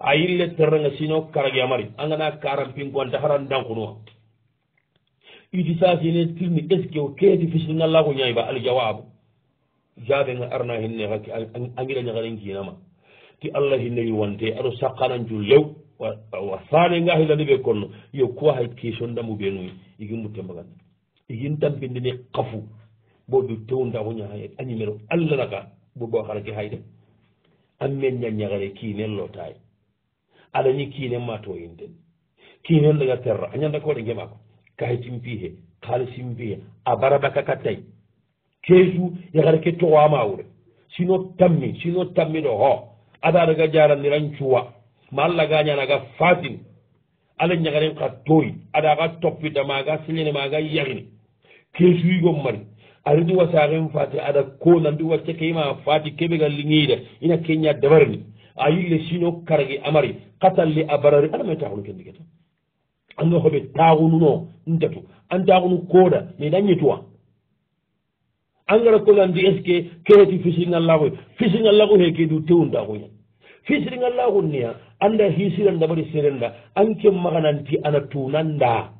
a yirile terrenga sino karage amari a ngana karampinkoanta hara ndankunuwa idi sasine tirni est ce que keeti fisil ngallako ñayiba aljawabu jaɓenga arna hinne hakke a ngira ñagaren kinama ti allah hinne yiwante aɗo sakkananju lew wa sane ngahilandeɓe konno yo kuwa hay question ndamuɓenuyi igi mutte mbaganta yin e tampinde ni kafu booɓe tewnda ko ñaha añumero allah naka ɓuɓo hara ke hayde anmen ñañagare kiinello taye aɗani kiinen ma to yinden kiinen daga terra a ñanda koɗe gemako kahetimpi he kalisimpi he a barabaka kattay keju yagare ke towama wure sino tammi sino tammiɗo ho ada daga jaranniran cuwa ma allah gañanaga fatin ala ñagaren ka toyi aɗa ka toppidamaga sillinemaga yagini keesuyigom mari ari ɗum wasaaken faati aɗa konan ɗum watte keyima faati keɓe gal liŋeyiɗa ina keña dabarani a yille sino karagi amari katalli a barari aɗa ma taxunu kendi ke to anga hoɓe taxununo ntatu an taxunu kooɗa mais da ñetuwa angara kolandi est ce que keeti fisiringal laxuy fisiringal laxu he ke du tewuntaxuya fisiringal laxu niya anda hisiranda bari serenda an ke maxananti ana tunanda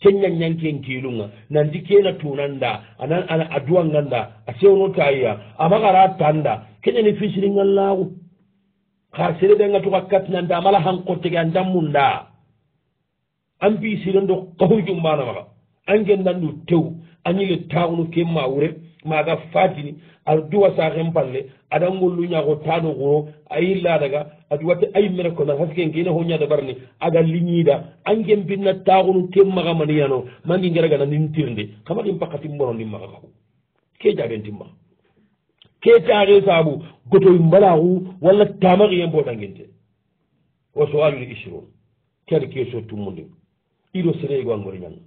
keñan ñanken kiilunga nandi kena tunanda a duwanganda a sewnota yiya ama gara tanda keñani fisiringan laagu xar sereɗenga tuka katinanda amala han kottege an dammunda an bisirendo kahurjumbanamaga an gendandu tew a ñige taxunu ke ma wure maga fatini aɗa duwa sahen balle aɗa ngollu ñaago tano goro a yilla daga aɗa watte ayimmere kona haske ngena ho ñada barni aga liñiida angen binna taagonu ten maga maniyano mangi ngera gana nin tirnde kamaɗin pakka timmono nin maga kako ke jaɓen timma ke taxe saabu gotoy mbalaaxu walla tamaxiyen boɗangente wa soalul isron ke aɗa keso tummundin iɗo sereygo a ngoriñanga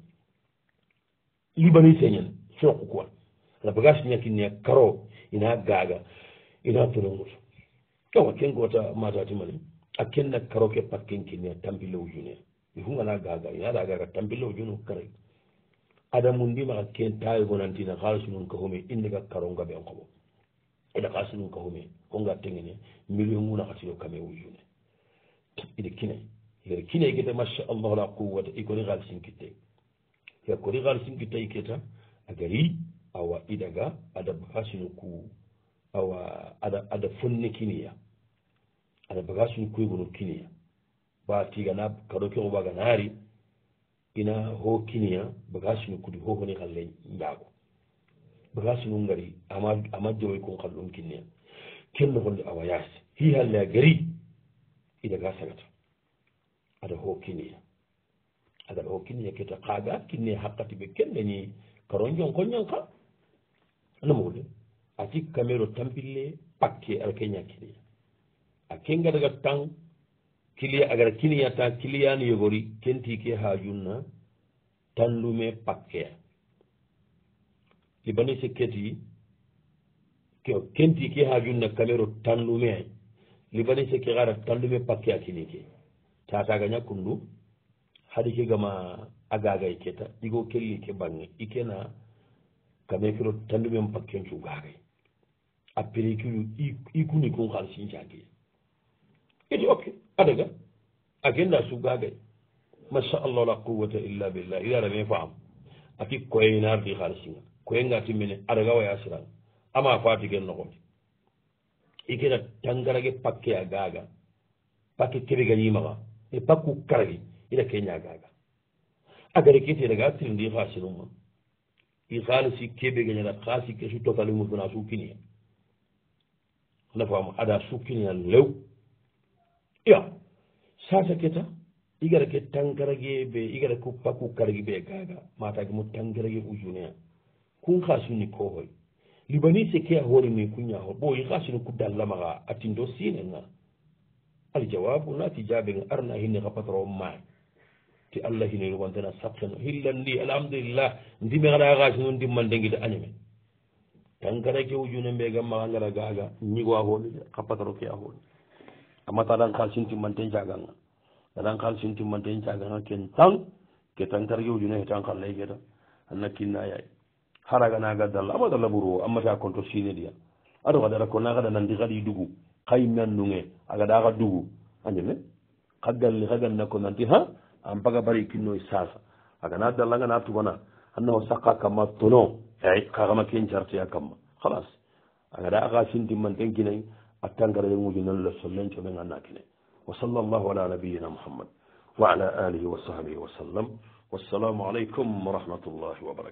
libani señen fenqu quoi ala bagas ñakkinne karo ina gaaga ina tonomuto owa ken goota matatimane a kenna karoke pat ken kinne tampi low june i fungana gaaga ina ada gaaga tampi low june kare adamu ndimaa ken taawe gonantina haalis nun ka home indega karo ngaɓe an koɓo ida haalis nun ka home ko nga tengene million ngunaxatiyo kame wo june ida kine yere kine kete macha allahu la quwata i koni haalisin kitte yer koni haalisin kitta i keta a gari awa iɗaga aɗa bagasunuku awa aɗa aɗa fonne kiniya aɗa bagasunu kuyigono kiniya ba tigana kaɗo kego baga naari ina ho kiniya bagasunu kudi hohoni halle ñaago bagasunu ngari ama ama jowoy kon hal ɗum kinniya kenno holle awa yaas hi halle a gari iɗaga sagata aɗa ho kiniya aɗa ho kiniya keta kaaga kinniya hakkati ɓe kenneñi karon jon ko ñanka namowle ati kamero tampille pakke ara keña kiliya a kengataga tan kiliya agara kiniyata kiliyani yogori kenti ke ha junna tandume pakkeya libanise keti kenti ke ha junna kamero tandume ay libanise ke gara tandume pakke a kinike tataga ñakkundu haɗi ke gama agagay keta ɗigo kelli ke bange ikena kame kiro tanduɓen pakken cugaakay appere kiyo ikuni kon xan sincakee eti ok adaga akenna sugaakay masa allah la quwata illa billah ila rame faam aki koyenaarti xaal singa koyenga timmene adaga waya siran ama faati ken noxoti ikena tangarage pakkea gaaga pakke keɓeganimaxa e pakku karagi ina keña gaaga agari keteraga sirindi xa sinuma i haali sikkeɓe geñata ha sikke su tokalimu duna sukkiniya anda faama ada sukkiniya lew iya sasa keta igara ke tankarage ɓe igara ku pakku karigi ɓe gaga matake mo tankarage ujuneya kun ha sunni kohoy libani se ke a hoore mi kuñahol bo i ha sunni kudda lamaha atindo sinenga alijawabu naati jaɓe ga arna hinni ha patron maye te allah hinoyi wondena sattano hillan ndi alhamdulillah ndimi gara gaji no ndimman ndeguide añame tan gara ke ujune mbega maa gara gaga ñigo a holude xapataro ke a holude amma ta dan xalsintimmanten caganga adan xalsintimmanten caganga ken tan ke tan targe ujune he tan xallay keta anna kinnayay haraga naga dalla amma dalla ɓuru o ammata konto sine diya ado xa dara kona xa danandi xaɗi dugu xa yimnan nunge a gaɗa xa dugu añame xa galli xa ganna konanti han an baga bari kinno sasa na dalla ngana tubana annahu saqa kama tuno ay kagama kin jarte ya kama khalas da aga sindi man den ginay atangara de ngudi nan la sallan to men anna kinai wa sallallahu ala nabiyyina muhammad wa ala alihi wa sahbihi wa sallam wassalamu alaikum wa rahmatullahi wa barakatuh